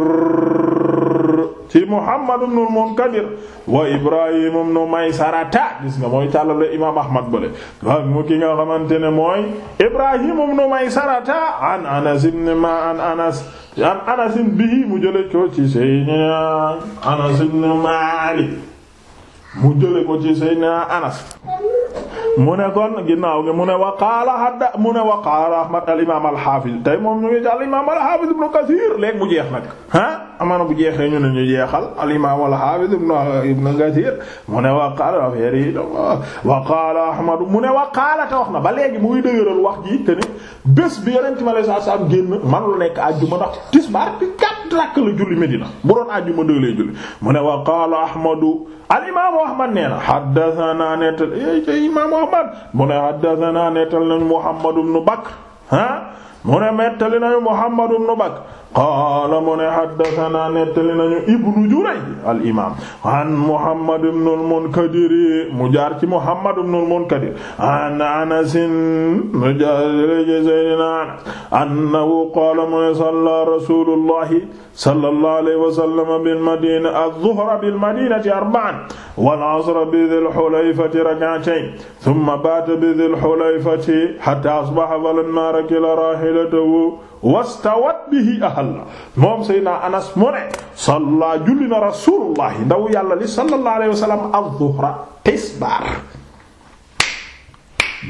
ci Muhammad ibn al-Munkadir wa Ibrahim ibn Maysarata gis nga mooy càllale imaam Ahmad bale ak mu ki nga xamante ne mooy Ibrahim ibn Maysarata an Anas ibn ma Anas an bihi mu jële ko ci Seydina Anas ibn Malik mu jële ko ci Seydina Anas mu ne kon ginnaaw gi mu ne waqaala hadda mu ne waqaala ahmad al imaam al xaafis tey moom ñu ngi ci al imaam al xaafis ibnu kasiir jeex nag ñu ne ñu jeexal al imaam al xaafis ibnu ibnu kasiir mu ne waqaala affaire wa waqaala ahmad mu wa waqaala te wax na ba léegi muy dëgëral wax ji te ni bi yonent ma lay saa saa génn man la nekk àjjuma ndax tisbaar bi kat rakk la julli Medina bu doon àjjuma dëgg lay julli mu ne waqaala ahmadu al imaam ahmad nee na haddathana imaam Ahmad mu ne haddathana nettal nañu Muhammad ibn Bakr ha mu ne mettali nañu Muhammad ibn Bakr qaala mu ne haddasanaa nettali nañu ibnu Jurayj al imaam an Muhammad ibn al Munkadir mu jaar ci Muhammad ibn al Munkadir an Anas mu jaar ci Seydina Anas annahu qaala mu ne sallaa rasuulullahi sallallahu alayhi wa sallam bil madiina az-zuhra bil madiinati arba'an wal asra bi dhil hulayfati rak'atayn thumma baata bi dhil hulayfati hattaa asbaha falammaa rakila raahilatahu wastawat bihi ahalla moom Seydina Anas mu ne salla julli na rasulullahi ndaw yàlla li sallallahu alayhi wa sallam az-zuhra tisbaar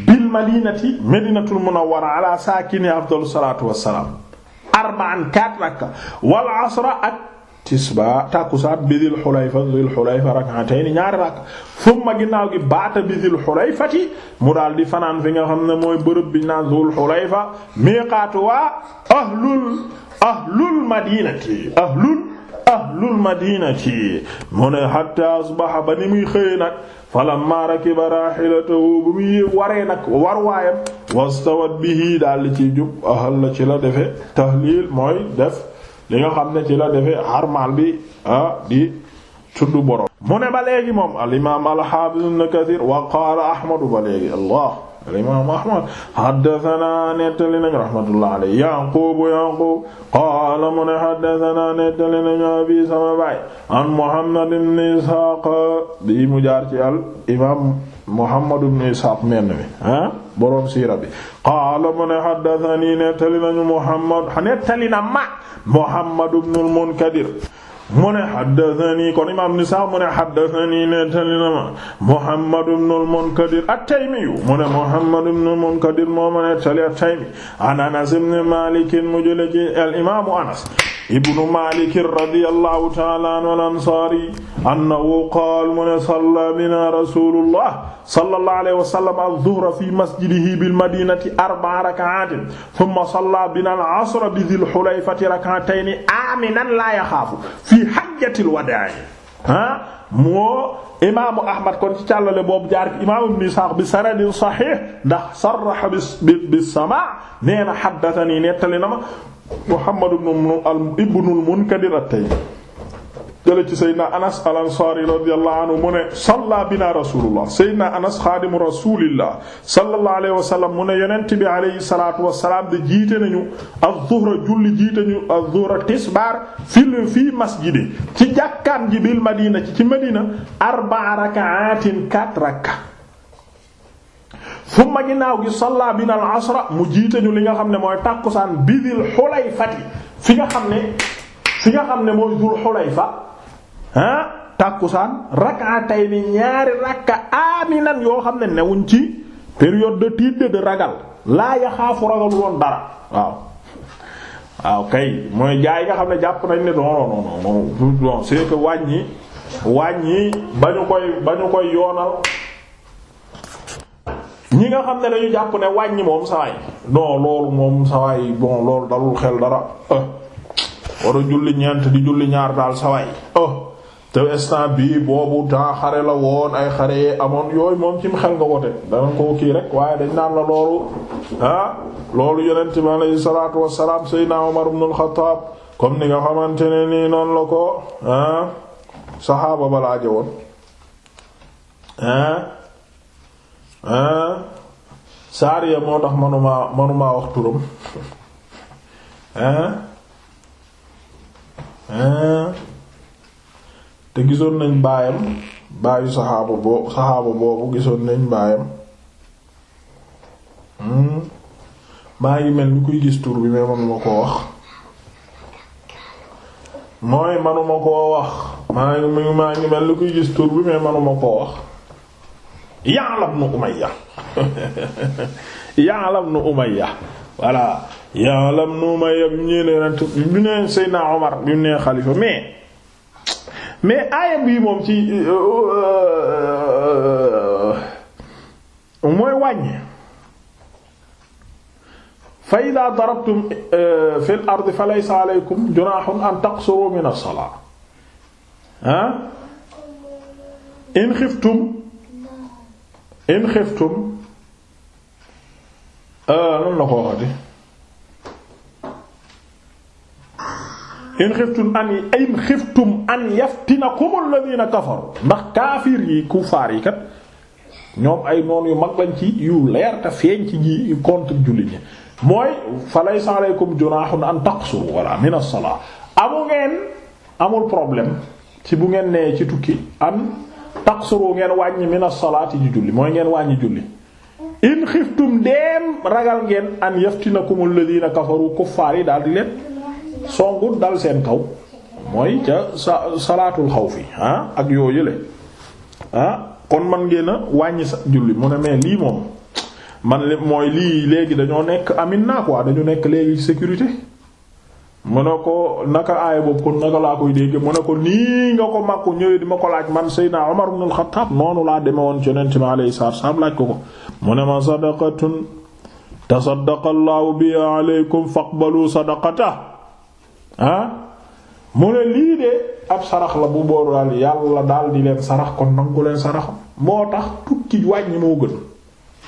bil madinati madinatul munawwara ala saakini afdalu salaatu wassalaam arba'an kat rakka wal asra ak tisba tàkkusaan bi dil xulayfa dil xulayfa rak'atayn ñaari rakk summa ginnaaw gi baata bi dil xulayfati mu daal di fanaan fi nga xam ne mooy bërëb bi naan dul xulayfa miiqaatu waa ahlul ahlul madinati ahlul ahlul madinati mu ne hatta asbaha ba ni muy xëye nag falamma rakiba rahilatahu bu muy waree nag war waayam wastawat bihi daal di ciy jub ahal la ci la defe tahlil mooy def li nga xam ci la defee xarmaal bi ah di tudd borom. mu ne ba léegi moom al imaam al xaafiz ibn Kasiir wa qaala Ahmad ba léegi allah al imaam Ahmad haddasanaa nettali nañu rahmatullahi alayhi Yaquub Yaquub qaala mu ne haddasanaa nettali nañu abi sama baay an Muhammad ibn Ishaaq bi mu jaar ci al imaam Muhammad ibn Ishaaq mi ah borom siira bi. qaala mu ne haddathanii nettali nañu Muhammad nettali na ma Muhammad ibn al-Munkadir mu ne haddathanii kon imaam ni sax mu ne haddathanii nettali na ma Muhammad ibn al-Munkadir at-Taymi mu ne Muhammad ibn al-Munkadir moo ma nettali at-Taymi an Anas ibn Maalik mu jële ci al-imaam Anas ibnu Maalik radiyallahu ta'ala anhu al-Ansaari annahu qaala mu ne salla bina rasuulullah sallallahu alayhi wa sallam az-zuhra fi masjidihi bil madiinati arba'a rak'aatin thumma salla bina al-'asra bi dhil hulayfati rak'atayni aaminan laa yaxaafu fi hajjatil wadaa' ah moo imaamu Ahmad kon ci càllale boobu jaar imaamu Ibn Isaaq bi sanadin sahiih ndax sarraha bis bis samaa nee na haddathanii nettali na ma Muhammad ibnul Munkadir at-Taymi jële ci Seydina Anas al-Ansari radiyallahu anhu mu ne salla bina rasulullah Seydina Anas xaadimu rasulillah sallallahu alayhi sallam mu ne yonent bi alayhi salaatu wa salaam de jiite nañu az-zuhra julli jiite ñu az-zuhra tisbaar fil fii masjidi ci jàkkaan ji bil Madina ci ci Madina arba'a rak'atin quatre rak'a summa ginnaaw gi salla bina asra mu jiite ñu li nga xam ne mooy tàkkusaan bidil xulayfati fi nga xam ne fi nga xam ne mooy dul xulayfa ah tàkkusaan rak'atayn ñaari rakka aminan yoo xam ne newuñ ci période de tiid de ragal laa yaxaafu ragal woon dara waaw waaw kay mooy jaay nga xam ne jàpp nañ ne non non non non c'est que wàññi wàññi ba ñu koy ba ñu koy yoonal ñi nga xam ne dañu jàpp ne wàññi moom sawaay non loolu moom sawaay bon loolu dalul xel dara eh. war julli ñeent di julli ñaar daal sawaay eh. te instant bii boobu temps xare la woon ay xare yee amoon yooyu moom ci xel nga wote danga koo kii rek waaye dañ naan la loolu ah loolu yonent bi alayhi salaatu wassalaam Seydina Umar ibn al-Khattab comme ni nga xamante ne nii la ko ah saxaaba balaa jëwoon ah. saariya moo tax manuma manuma wax turam te gisoon nañ baayam baayu saxaaba boobu saxaaba boobu gisoon nañ baayam hmm? maa ngi mel ni kuy gis tur bi mais manuma koo wax mooy manuma koo wax maa ngi maa ngi mel ni kuy gis tur bi mais manuma koo wax Ya'la ibn Umayya Ya'la ibn Umayya voilà Ya'la ibn Umayya bi ñu nee ren bi nee Seydina Omar bi nee xalifa mais mais aaya bii moom ci euh, euh, mooy wàññi fa idaa darabtum euh, fil ardi fa laysa alaykum junaahun an taqsuru min as-salaa ha in xiftum in xiftum lan la ko waxati in xiftum an in xiftum an yaftinakum kafaru ndax kaafir yi kufaar yi kat ñoom ay noonu yu mag lañ ci yu leer te feeñ ci ji contre jullit ñi mooy fa laysa alaykum junahun an taqsuru wala min as-salah amu ngeen amul problème ci bu ngeen nee ci tukki am taqsuru ngeen wàññi mina salaati ji julli mooy ngeen wàññi julli in xiftum deem ragal ngeen an yaftinakum alladhina kafaru kuffaar yi daal di leen songu dal seen kaw mooy ca sa salaatul xawfi ah ak yooyu yële ah kon man ngeen a wàññi sa julli mu ne mais lii moom man mooy lii léegi dañoo nekk amin naa quoi dañu nekk léegi sécurité mu ne ko naka aaya boobu kon naka laa koy dégg mu ne ko nii nga ko màkku ñëwee di ma ko laaj man Seydina Umar ibn al-Khattab noonu laa deme woon ci yonent mi alayhi salaatu laaj ko ko mu ne ma sadaqatun tasaddaqa Allahu biha alaykum faqbalu sadaqata ah mu ne lii de ab sarax la bu booru daal yàlla daal di leen sarax kon nangu leen sarax moo tax tukki wàññi moo gën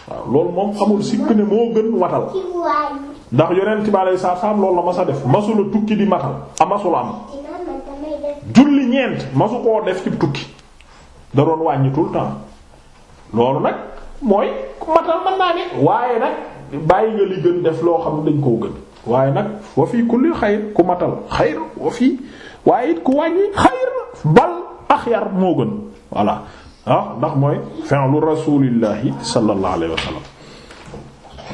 waaw loolu moom xamul sikk ne moo gën watal ndax yonent bi alayhi salaam loolu la masa def masula tukki di matal a masula am julli ñeent masu koo def ci tukki da doon wàññi tout loolu nag mooy matal mën naa ne waaye nag bàyyi nga li gën def loo xam ne dañ koo gën waaye nag wa fii kulli ku matal xayr wa fii waaye it ku wàññi xayr bal axyar moo gën voilà ah ndax mooy fi'lu rasulillahi sallallahu alayhi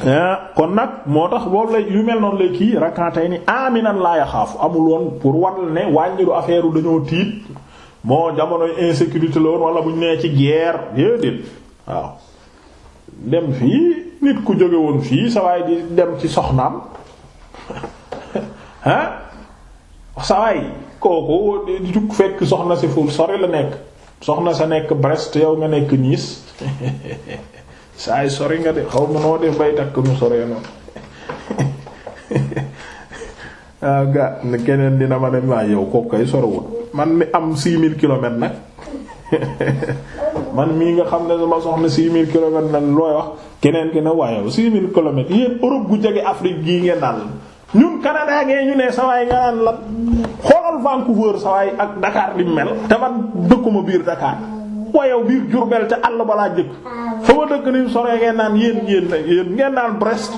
Eh, kon nag moo tax loolu lay yu mel noonu lay kii rakkatay ni aminan laa yaxaafu amul woon pour wan ne wàññilu affaire dañoo tiit moo jamonoy insécurité la woon wala bu ñu nee ci guerre déedéet waaw dem fii nit ku jóge woon fii sawaay di dem ci soxnaam ah sawaay kooku di jug fekk soxna si fu sori la nekk soxna sa nekk Brest yow nga nekk Nice saa yi sori nga de xaw ma noo def bay takk nu soree noonu waaw ah, ga keneen dina ma dem waaye yow kooku kay man mi am six mille kilomètres nag man mii nga xam ne sama soxna six mille kilomètres nag looy wax keneen ki ne waaye yow six mille kilomètres yéen Europe gu jege Afrique gii ngeen daal ñun Canada ngee ñu ne sawaay nga naan la xoolal Vancouver sawaay ak Dakar li mel te man dëkkuma biir Dakar boyaw biir Jurbel ca àll balaa jëkk fa ma dëkk ni soree ngeen naan yéen yéen yéen ngeen naan Brest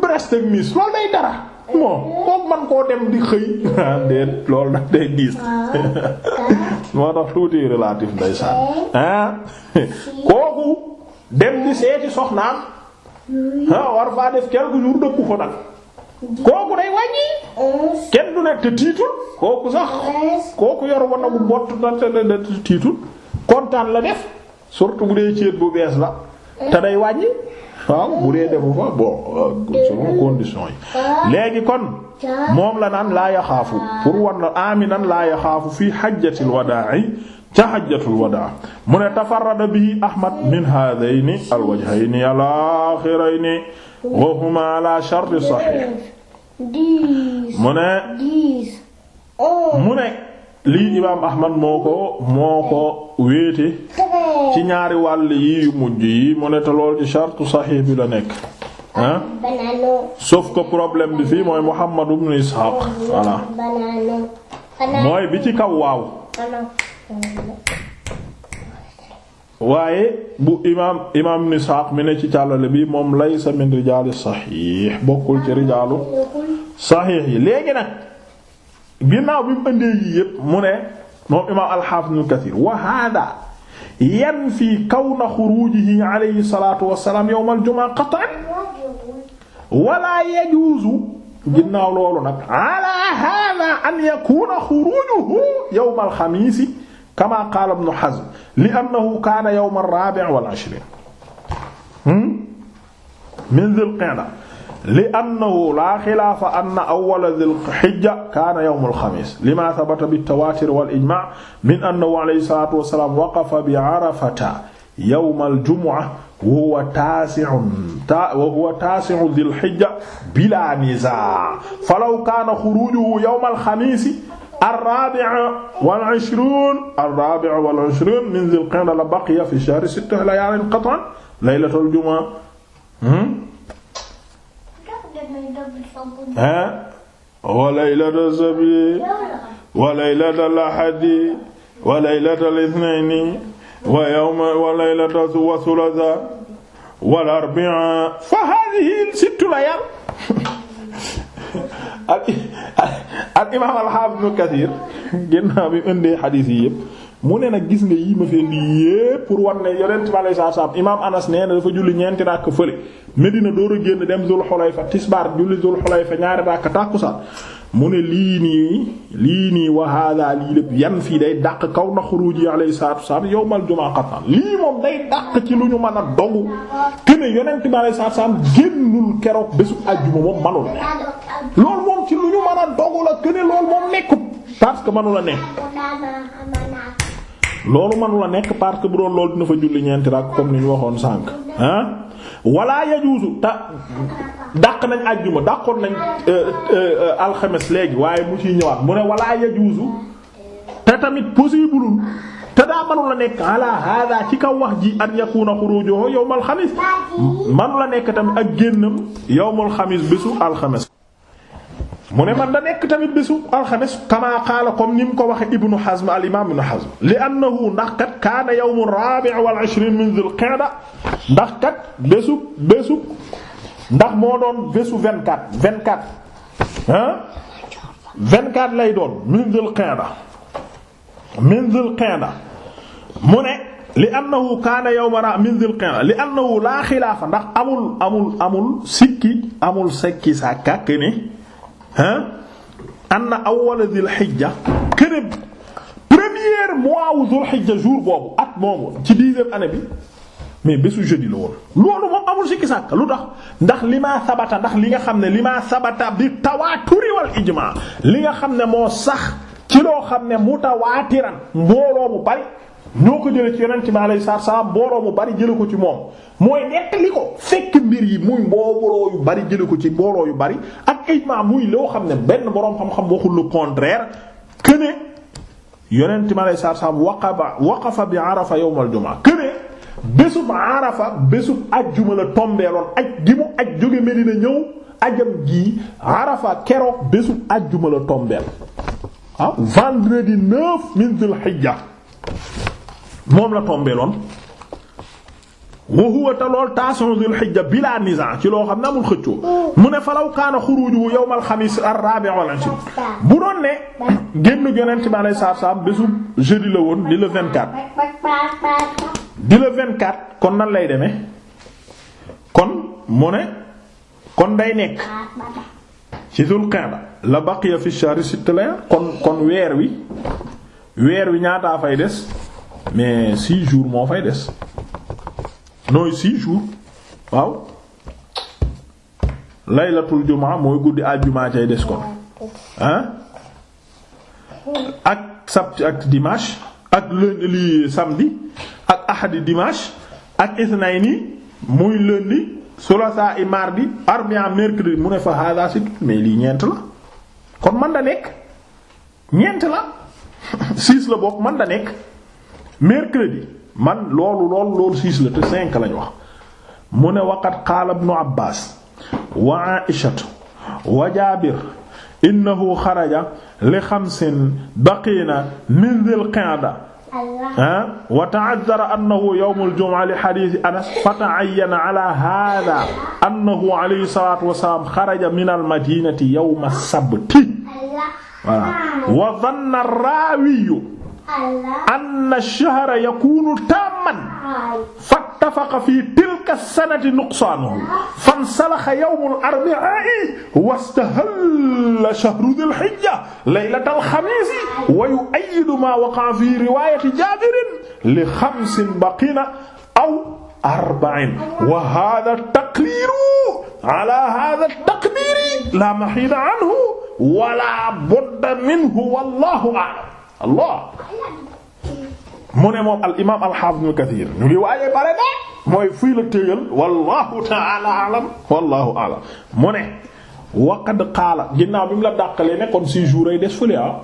Brest ak Nice loolu day dara moom kooku man koo dem di xëy lool ah, loolu nag day diis ah. moo tax tuuti relatif ndeysaan ah kooku dem di seeti soxnaam ah, war faa def quelques jours dëkku fa kooku day wàññi kenn du nekk tiitul kooku sax kooku yor wan nagu bott na te tiitul kontaan la def surtout bu dee céet bu bees la te day wàññi waaw bu dee defu fa bon euh, selon condition yi ah. léegi kon moom la naan laa yaxaafu ah. pour wan la aminan laa yaxaafu fii xajjatil wadaa'i ca xajjatul wadaa mu ne tafarrada bihi ahmad min haadayni alwajhayni al wa huma ala sharti sahih mu ne oh. mu ne lii imaam ahmad moo ko moo ko wéete ci ñaari wàll yi yu mujj yi mu ne te lool ci shartu sahih bi la nekk sof ko problème bi fii mooy Muhammad ibn Ishaq mooy bi ci kaw waaw waaye bu imaam imaam ibn Isxaaq mi ne ci càllale bi moom laysa min rijaali saxiix bokkul ci rijaalu saxiix yi léegi nag ginnaaw bi mu ëndee yii yépp mu ne moom imaam alxaafis ibn Kasiir wa haadaa yanfii kawna xuruujihi alayhi salaatu wa salaam yawmal jumu'a qat'an wala yajuuzu ginnaaw loolu nag ala haadaa an yakuuna xuruujuhu yawmal xamiisi kama qaala ibn Hazm li annahu kaana yawm ar-rabi' wal 'ishrin min dhil qa'da li annahu laa xilaafa anna awwala dhil hijja kaana yawm al-xamiis lima thabata bit-tawaatir wal ijma' min annahu alayhi salaatu wa salaam waqafa bi 'arafata yawm al-jumu'a wahuwa taasi'un wahuwa taasi'u dhil hijja bilaa nizaa' falaw kaana xuruujuhu yawm al-xamiis ar-rabi'a wal ishrun ar-rabi'a wal ishrun min dhil qa'da la baqiya fi shahri sitta layaalin qat'an laylatul jumu'a hmm? wa laylatul sabti wa laylatul ahadi wa laylatul ithnayni wa yawma wa laylatul thulatha wal arba'a fa hadhihi sitta layaal al imaam al-Haafiz Ibn Kathir ginnaaw bi indee xadiis yi yëpp mu ne na gis nga yii ma fi indi yëpp pour wan ne yonent ma lay saa saam imaam Anas nee na dafa julli ñeenti ràkk fële Medina door a génn dem Zul Xulayfa tisbaar julli Zul Xulayfa ñaari mu ne lii nii lii nii wa hada lii lépp yan fii day dàq kaw na xuruji alayhi salaatu wasalaam yawmal jumaa qatan lii moom day dàq ci lu ñu mën a dogu te ne yonent ma lay saa saam génnul keroog bésu àjjuma moom manul loolu ci lu ñu mën a dogu la këne loolu moom nekkut parce que manu la nekk loolu manu nekk parce que bu doon loolu dina fa julli ñeenti rak comme ni ñu waxoon sànq ah wala yajuusu ta dàq nañ àjjuma dàqoon nañ euh, euh, alxemes léegi waaye mu ciy ñëwaat mu ne wala yajuusu te tamit possibleul te daa manu nekk ala hada ci kaw wax ji an yakuna xurujuhu yawmal xamis manu la nekk tamit ak génnam yawmal xamis bésu alxames mu ne man da nekk tamit bésu alxames kamaa qaala comme ni mu ko waxe ibnu hazm al imam ibnu hazm li annahu ndax kat kaana yawmu rabi' wal ishrin min dhul qa'da ndax kat bésu bésu ndax moo doon bésu 24 24 ah 24 lay doon min dhul qa'da min dhul qa'da mu ne li annahu kaana yawma ra min dhil qa'da li annahu laa xilaafa ndax amul amul amul sikki amul sekki sa kàkk ne hein anna awwala dhil hijja këne première mois wu dhul hijja jour boobu at moomu ci dixième année bi mais bésu jeudi la woon loolu moom amul sikki sàkk lu tax ndax li maa sabata ndax li nga xam ne li maa sabata bi tawaaturi wal ijmaa li nga xam ne moo sax ci loo xam ne mutawaatiran mbooloo bu bari ñoo ko jële ci yonent bi alayhi salaatu mu bari jële ko ci moom mooy nettali ko fekk mbir yi muy mbooloo yu bari jële ko ci mbooloo yu bari ak ijmaa muy loo xam ne benn boroom xam-xam waxul le contraire que ne yonent bi alayhi salaatu salaam waqafa waqafa bi arafa yawmal jumaa que ne arafa bésub ajjuma la tombeeloon aj gi mu aj jóge Medina ñëw ajam gi arafa keroog bésub ajjuma la tombeel ah, vendredi 9 min Hijja moom la tombeeloon wa huwa lool tension dul xijja bila nizaa ci loo xam ne amul xëccoo mu ne falaw kaana xuruuju yawm alxamis ar-rabi' wal ashir bu doon ne génn yonent woon di le 24 kon nan lay demee kon kon day nekk ci dul qa'da la baqiya fi shahri kon kon weer wi weer wi ñaataa fay des mais six jours moo fay des nooy six jours waaw laylatul jumaa mooy guddi àjjumaa cay des kon ak sabti ak dimanche ak lundi li samedi ak ahadi dimanche ak isnayni muy lundi sulasa i mardi arbia mercredi mu ne fa hada mais lii ñeent la kon man da nekk ñeent la six la bokk man da nekk mercredi man loolu loolu loolu six la te cinq lañ wax mu ne waqad qaala ibnu Abbaas wa Aa'ishatu wa Jaabir innahu xaraja li xamsin baqiina min dhil qa'da ah wa ta'azzara annahu yawmul jumu'a li hadiisi Anas fata'ayyana ala haadaa annahu alayhi salaatu wa salaam xaraja minal madiinati yawma sabti voilà wa dhanna raawiyu anna ash-shahra yakunu tamman fattafaqa fi tilka as-sanati nuqsanuhu fansalakha yawm al-arba'i wastahalla shahru dhil-hijja laylata al-khamis wa yu'ayyidu ma waqa'a fi riwayati Jabir li khamsin baqina aw arba'in wa hadha taqriru ala hadha taqdiri la mahida anhu wala budda minhu wallahu a'lam allah mu ne moom al imaam al hafiz ibn kathir waaye bare na mooy fuy la tégal wallahu ta'ala alam wallahu alam mu ne waqad qaala ginnaaw bi mu la dàqalee ne kon six jours ay des fële ah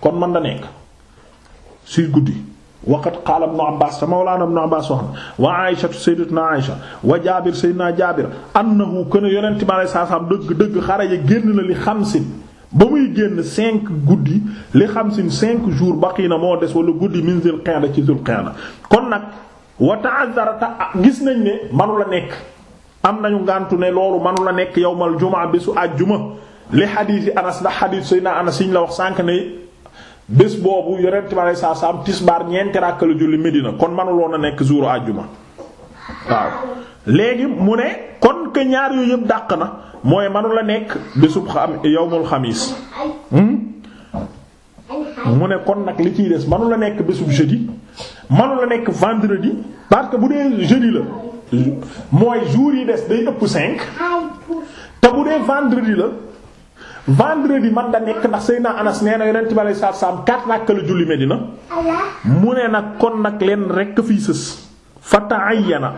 kon man da nekk six guddi waqad qaala ibn abbas te mawlaana ibn abbas wax na wa aïsha sayyidatuna aïsha wa jaabir sayyidina jaabir annahu kana yonente bi alayhi salaam dëgg dëgg xaraja génn na li xamsin ba muy génn cinq guddi li xam sin cinq jours baqi na moo des wala guddi min zil qa'da ci zul qa'da kon nag wa a gis nañ ne manu la nekk am nañu ngàntu ne loolu manu la nekk yawmal jumaa bésu àjjuma li xadiis yi anas ndax xadiis sayna anas yiñ la wax sànq ne bés boobu yonent bi saa salaam tisbaar ñeenti ràkk la julli Medina kon manuloo na nekk jouru àjjuma waaw léegi mu ne kon que ñaar yooyu yëpp dàq na mooy manu la nekk bésub xam yawmul xamiis hmm? mu ne kon nag li ciy des manu la nekk bésub jeudi manu la nekk vendredi parce que bu dee jeudi la mooy jour yi des day ëpp cinq te bu dee vendredi la vendredi man da nekk ndax Seydina Anas nee na yonent bi sallallahu alayhi wasallam quatre rakka la julli Medina mu ne nag kon nag leen rek fii sës fa ta'ayyana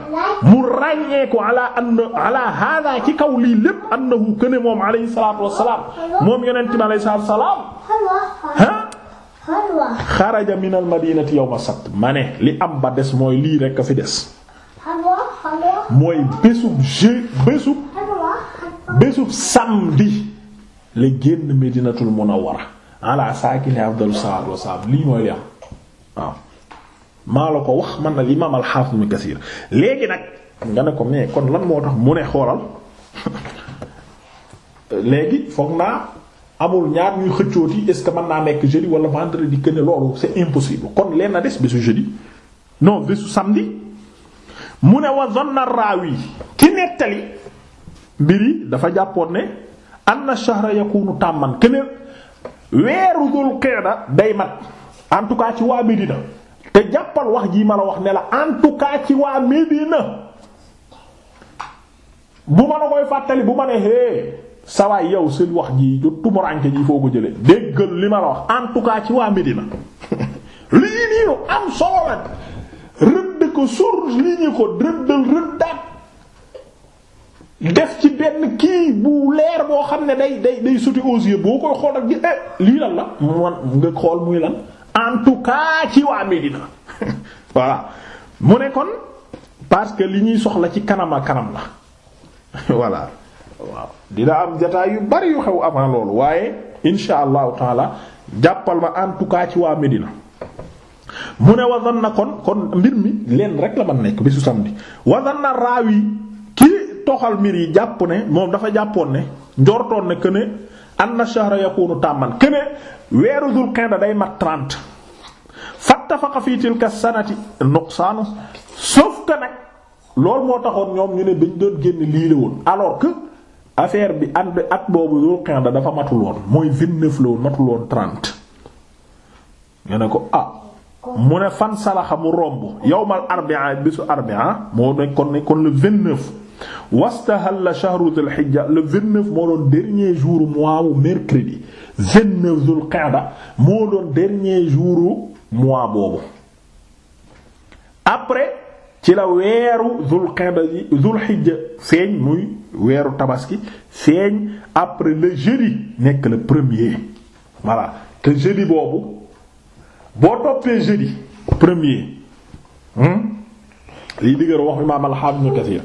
mu ràññee ko ala anna ala hada ci kaw lii lépp annahu këne moom alayhi salaatu wassalaam moom yonent bi alayhi salaatu wassalaam ha xaraja min al madinati yawma sabt ma ne li am ba des mooy lii rekk a fi des mooy bésub je bésub bésub samedi la génn medinatul munawwara ala saakini afdalu salaatu wassalaam lii mooy li am waaw maa la ko wax man na l'imam al-Hafiz Ibn Kathir léegi nag nga ne ko mais kon lan moo tax mu ne xoolal léegi foog naa amul ñaar ñuy xëccooti est-ce que mën naa nekk jeudi wala vendredi que ne loolu c'est impossible kon leen na des bésu jeudi non bésu samedi mu ne wa zanna raawi ki nettali mbir dafa jàppoon ne anna shahra yakunu tàmman que ne weeru dul qa'da day mat en tout cas ci waa Medina te jàppal wax jii ma la wax ne la en tout cas ci waa Médina bu ma la koy fàttali bu ma ne sawaay yow seen wax jii ju tumuranke ji foo ko jële déggal li ma la wax en tout cas ci waa Médina lii nii lu am solo la rëdd ko sur lii ñu ko rëddal rëddaat def ci benn kii bu leer boo xam ne day day day sauter aux yeux boo koy xool ji eh, lii lan la mu nga xool muy lan en tout cas ci waa Médina voilà mu ne kon parce li ñuy soxla ci kanam kanam la waaw dina am jataay yu bari yu xew avant loolu waaye insha allahu taala jàppal ma en tout ci waa Médina mu ne wasan na kon kon mbir mi leen rek la man nekk bisu samedi wasan na raaw yi toxal mbir yi jàpp ne moom dafa jàppoon ne njortoon ne que anna shahra yakunu tàmman kene weeru dul qa'da day mat 30 fattafaqa fi tilka sanati nuqsaanu sauf que nag loolu moo taxoon ñoom ñu ne dañ doon génn lii la woon alors que affaire bi ànd at boobu dul qa'da dafa matul woon mooy 29 la woon matul woon 30 nga ne ko ah mu ne fan salaxa mu romb yawmal arbi'a bisu arbi'a moo nekkoon ne kon le 29. wastahalla shahru dhul hijja le 29 moo doon dernier jour mois wu mercredi 29 dhul qa'da moo doon dernier jour mois boobu après ci la weeru dhul qa'da yi dhul hijja muy weeru tabaski feeñ après le jeudi nekk la premier voilà te jeudi boobu boo toppee jeudi premier hmm? lii diggër wax imaam al-Hafiz Kathir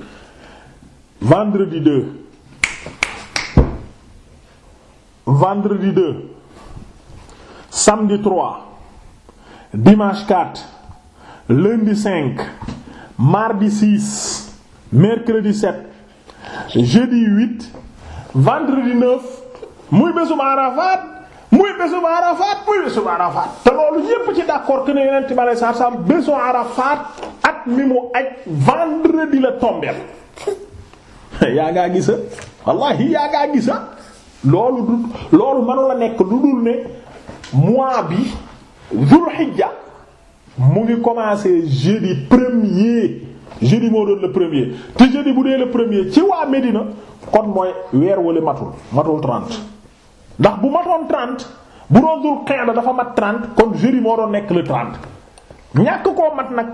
vendredi 2 vendredi 2 samedi 3 dimanche 4 lundi 5 mardi 6 mercredi 7 jeudi 8 vendredi 9 muy bésub Arafat muy bésub Arafat te loolu yépp ci d'accord que ne ci bale saar saam bésu Arafat at mi mu aj vendredi la tombeel yaa ngaa gisa wallahi yaa ngaa gisa loolu du loolu mënula nekk lu dul ne mois bi Dhul Hijja mu ngi commencer jeudi premier jeudi moo doon le premier te jeudi bu dee le premier ci waa Médina kon mooy weer wala matul matul 30 ndax bu matoon trent bu doon Dhul Qa'da dafa mat trent kon jeudi moo doon nekk le 30 ñàkk koo mat nag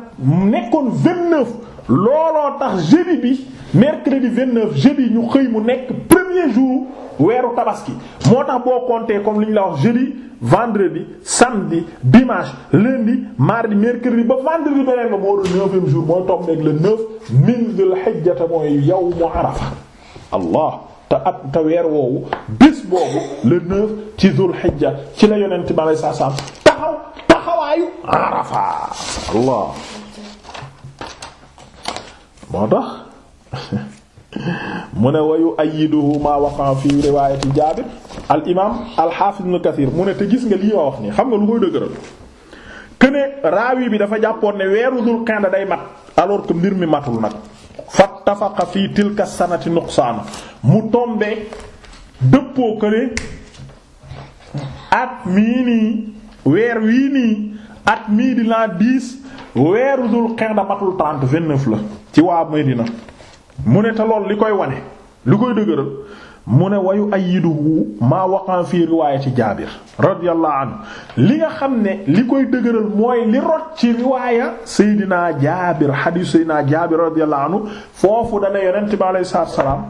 nekkoon vingt-neuf looloo tax jeudi bi mercredi vingt-neuf jeudi ñu xëy mu nekk premier jour weeru tabaski moo tax boo compter comme li ñu la wax jeudi vendredi samedi dimanche lundi mardi mercredi ba vendredi beneen nga moo doon neuvième jour mooy toog nekk le neuf min dul hijjata mooy yow yawmu arafa allah te at te weer woowu bés boobu le neuf ci dul hijja ci la yonent bi sallallahu alayhi taxawaayu moo tax mu ne wayu ayiduhu ma waqa fi riwaayati Jaabir al imaam al xaafis ibn Kasiir mu ne te gis nga lii ma wax nii xam nga lu koy dëgëral que raawi bi dafa jàppoon ne weeru dul qa'da day mat alors que mbir mi matul nag. fattafaqa fii tilka sanati nuqsaana mu tombé dëppoo que at mii nii weer wii nii at mii di l'an dix weeru dul qa'da matul vingt-neuf la ci waa Medina mu ne te lool li koy wane li koy dëgëral mu ne wayu ayyiduhu maa waqan fii riwaayati jaabir radiyallahu anhu li nga xam ne li koy dëgëral mooy li rot ci riwaaya seydinaa jaabir xadiis seydinaa jaabir radiyallahu anhu foofu dana yonent bi alayhi salaam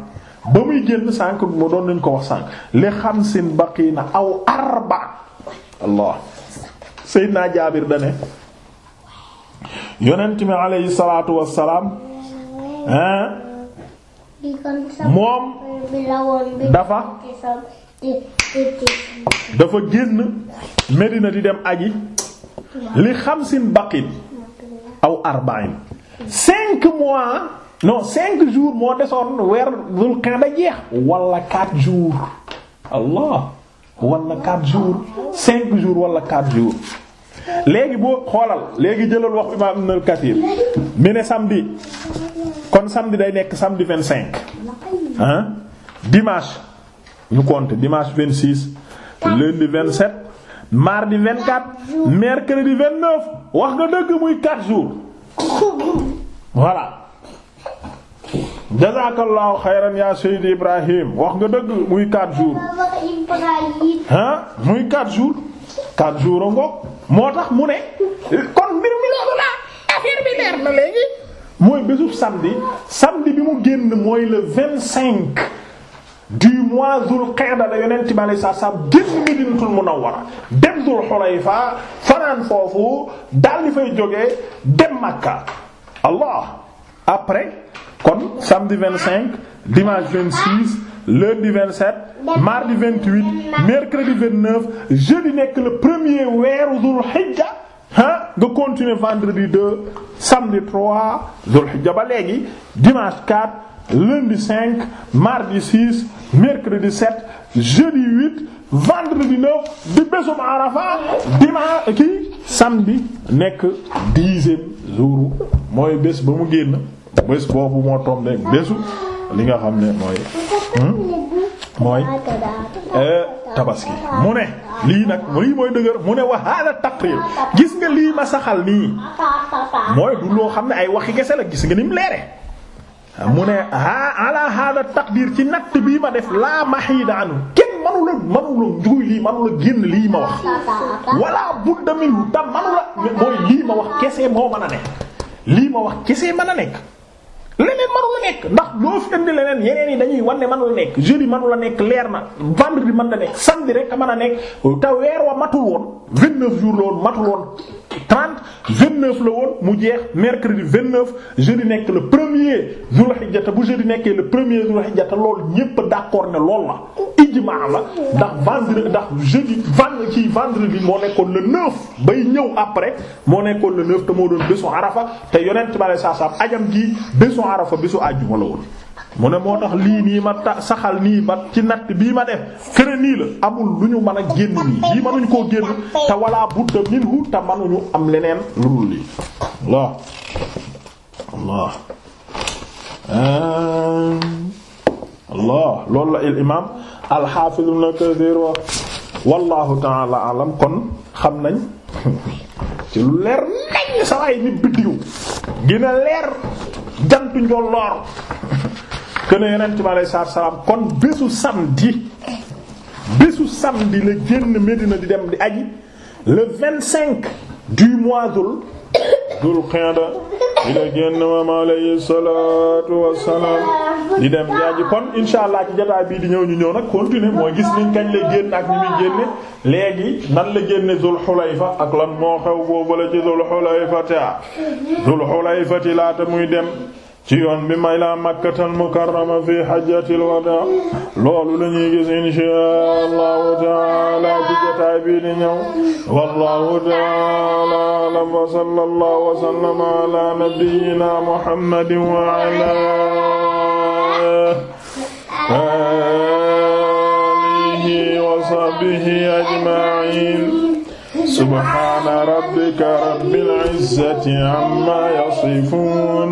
ba muy génn sànk mu doon nañ ko wax sànk li xam xamsin baqiina aw arba Seydina Jaabir dane yonent mi aleyhi salaatu wassalaam moom dafa dafa génn Medina di dem aji li xamsin baqin aw arba'in cinq mois non cinq jours moo desoon weer Dul Qa'da jeex wala quatre jours wala quatre jours cinq jours wala quatre jours léegi boo xoolal léegi jëlal wax imaam Ibn al-Kathir mi ne samedi kon samedi day nekk samedi vingt cinq ah dimanche ñu compte dimanche vingt six lundi vingt sept mardi vingt quatre mercredi vingt neuf wax nga dëgg muy quatre jours voilà. jazaakallaahu xayran yaa Seydi Ibrahim wax nga dëgg muy 4 jours muy 4 jours 4 jours a ngoog moo tax mu ne kon mbir mi loolu la affaire bi mooy bésub samedi samedi bi mu génn mooy le 25 du mois Zul Qa'da la yonent bi alayhi salaam génn Madinatul Munawwara dem Zul fanaan foofu daal di fay jógee dem Makka Allah après. kon samedi 25 dimanche 26 lundi 27 mardi 28 mercredi 29 jeudi nekk le premier weeru dul xijja ah nga continuer vendredi 2 samedi 3 dul xijja ba léegi dimanche 4 lundi 5 mardi 6 mercredi 7 jeudi 8 vendredi 9 di bésum arafa dimanche kii samedi nekk dixième jour mooy bés ba mu génn. bés boobu moo tombeek bésu li nga xam ne mooy hmm? mooy eh, tabaski mu ne lii nag lii mooy dëgër mu ne wa hada taqrir gis nga lii ma saxal nii mooy du loo xam ne ay waxi kese la gis nga ni leere mu ne a ala hada taqdir ci natt bii ma def laa mahiida anu kenn manu la manu lii manu la génn lii ma wax wala budda minhu tam mooy lii ma wax kese moo mën a nekk lii ma wax kese mën a nekk leneen manu nekk ndax loo fi indi leneen yeneen yi dañuy wan ne manu la nekk jeudi manu la nekk leer na vendredi man na nekk samedi rek a mën a nekk te weer wa matul woon vingt-neuf jours la woon matul woon trente vingt-neuf la woon mu jeex mercredi vingt-neuf jeudi nekk le premier Dhul Hijja bu jeudi nekkee le premier Dhul Hijja loolu ñépp d'accord ne lool la ijmaa la ndax vendredi ndax jeudi vendredi ci vendredi moo nekkoon le neuf bay ñëw après moo nekkoon le neuf te moo doon bésu arafa te yonent bale saa saam ajam gi bésu arafa bésu àjjuma la woon mu ne moo tax lii nii ma ta saxal nii ma ci natt bii ma def këra nii la amul lu ñu man a génn nii lii mënuñu koo génn te walla budda minhu te mënuñu am leneen lu dul lii Allah Allah euh, allah loolu la il imaam alxaafiz ibn Kathir wax wallahu taala alam kon xam nañ ci lu leer nañ sawaay nit biddiw gina leer jantu njolloor kën a yonent bi aleyhi salaatu salaam kon bésu samedi bésu samedi la génn Medina di dem di aji le vingt cinq du mois d'août dul qinda di la génn moom alayhi salaatu wassalaam di dem jaaji kon insha allah ci jotaay bii di ñëw ñu ñëw nag continuer moo gis niñ kañ la génn ak ñu muy génne léegi nan la génne Zul Xulayfa ak lan moo xew boobu la ci Zul Xulayfati Zul Xulayfati laata muy dem ci yoon bi may laa makkatal mukarrama fi hajjatil wadaa loolu la ñuy gis inshaa allahu taala ci jotaay bi di ñëw wallahu taala alam wa sallallahu wa sallama ala nabiyyina muhammadin wa ala alihi wa sahbihi ajma'in subhana rabbika rabbil izzati amma yasifun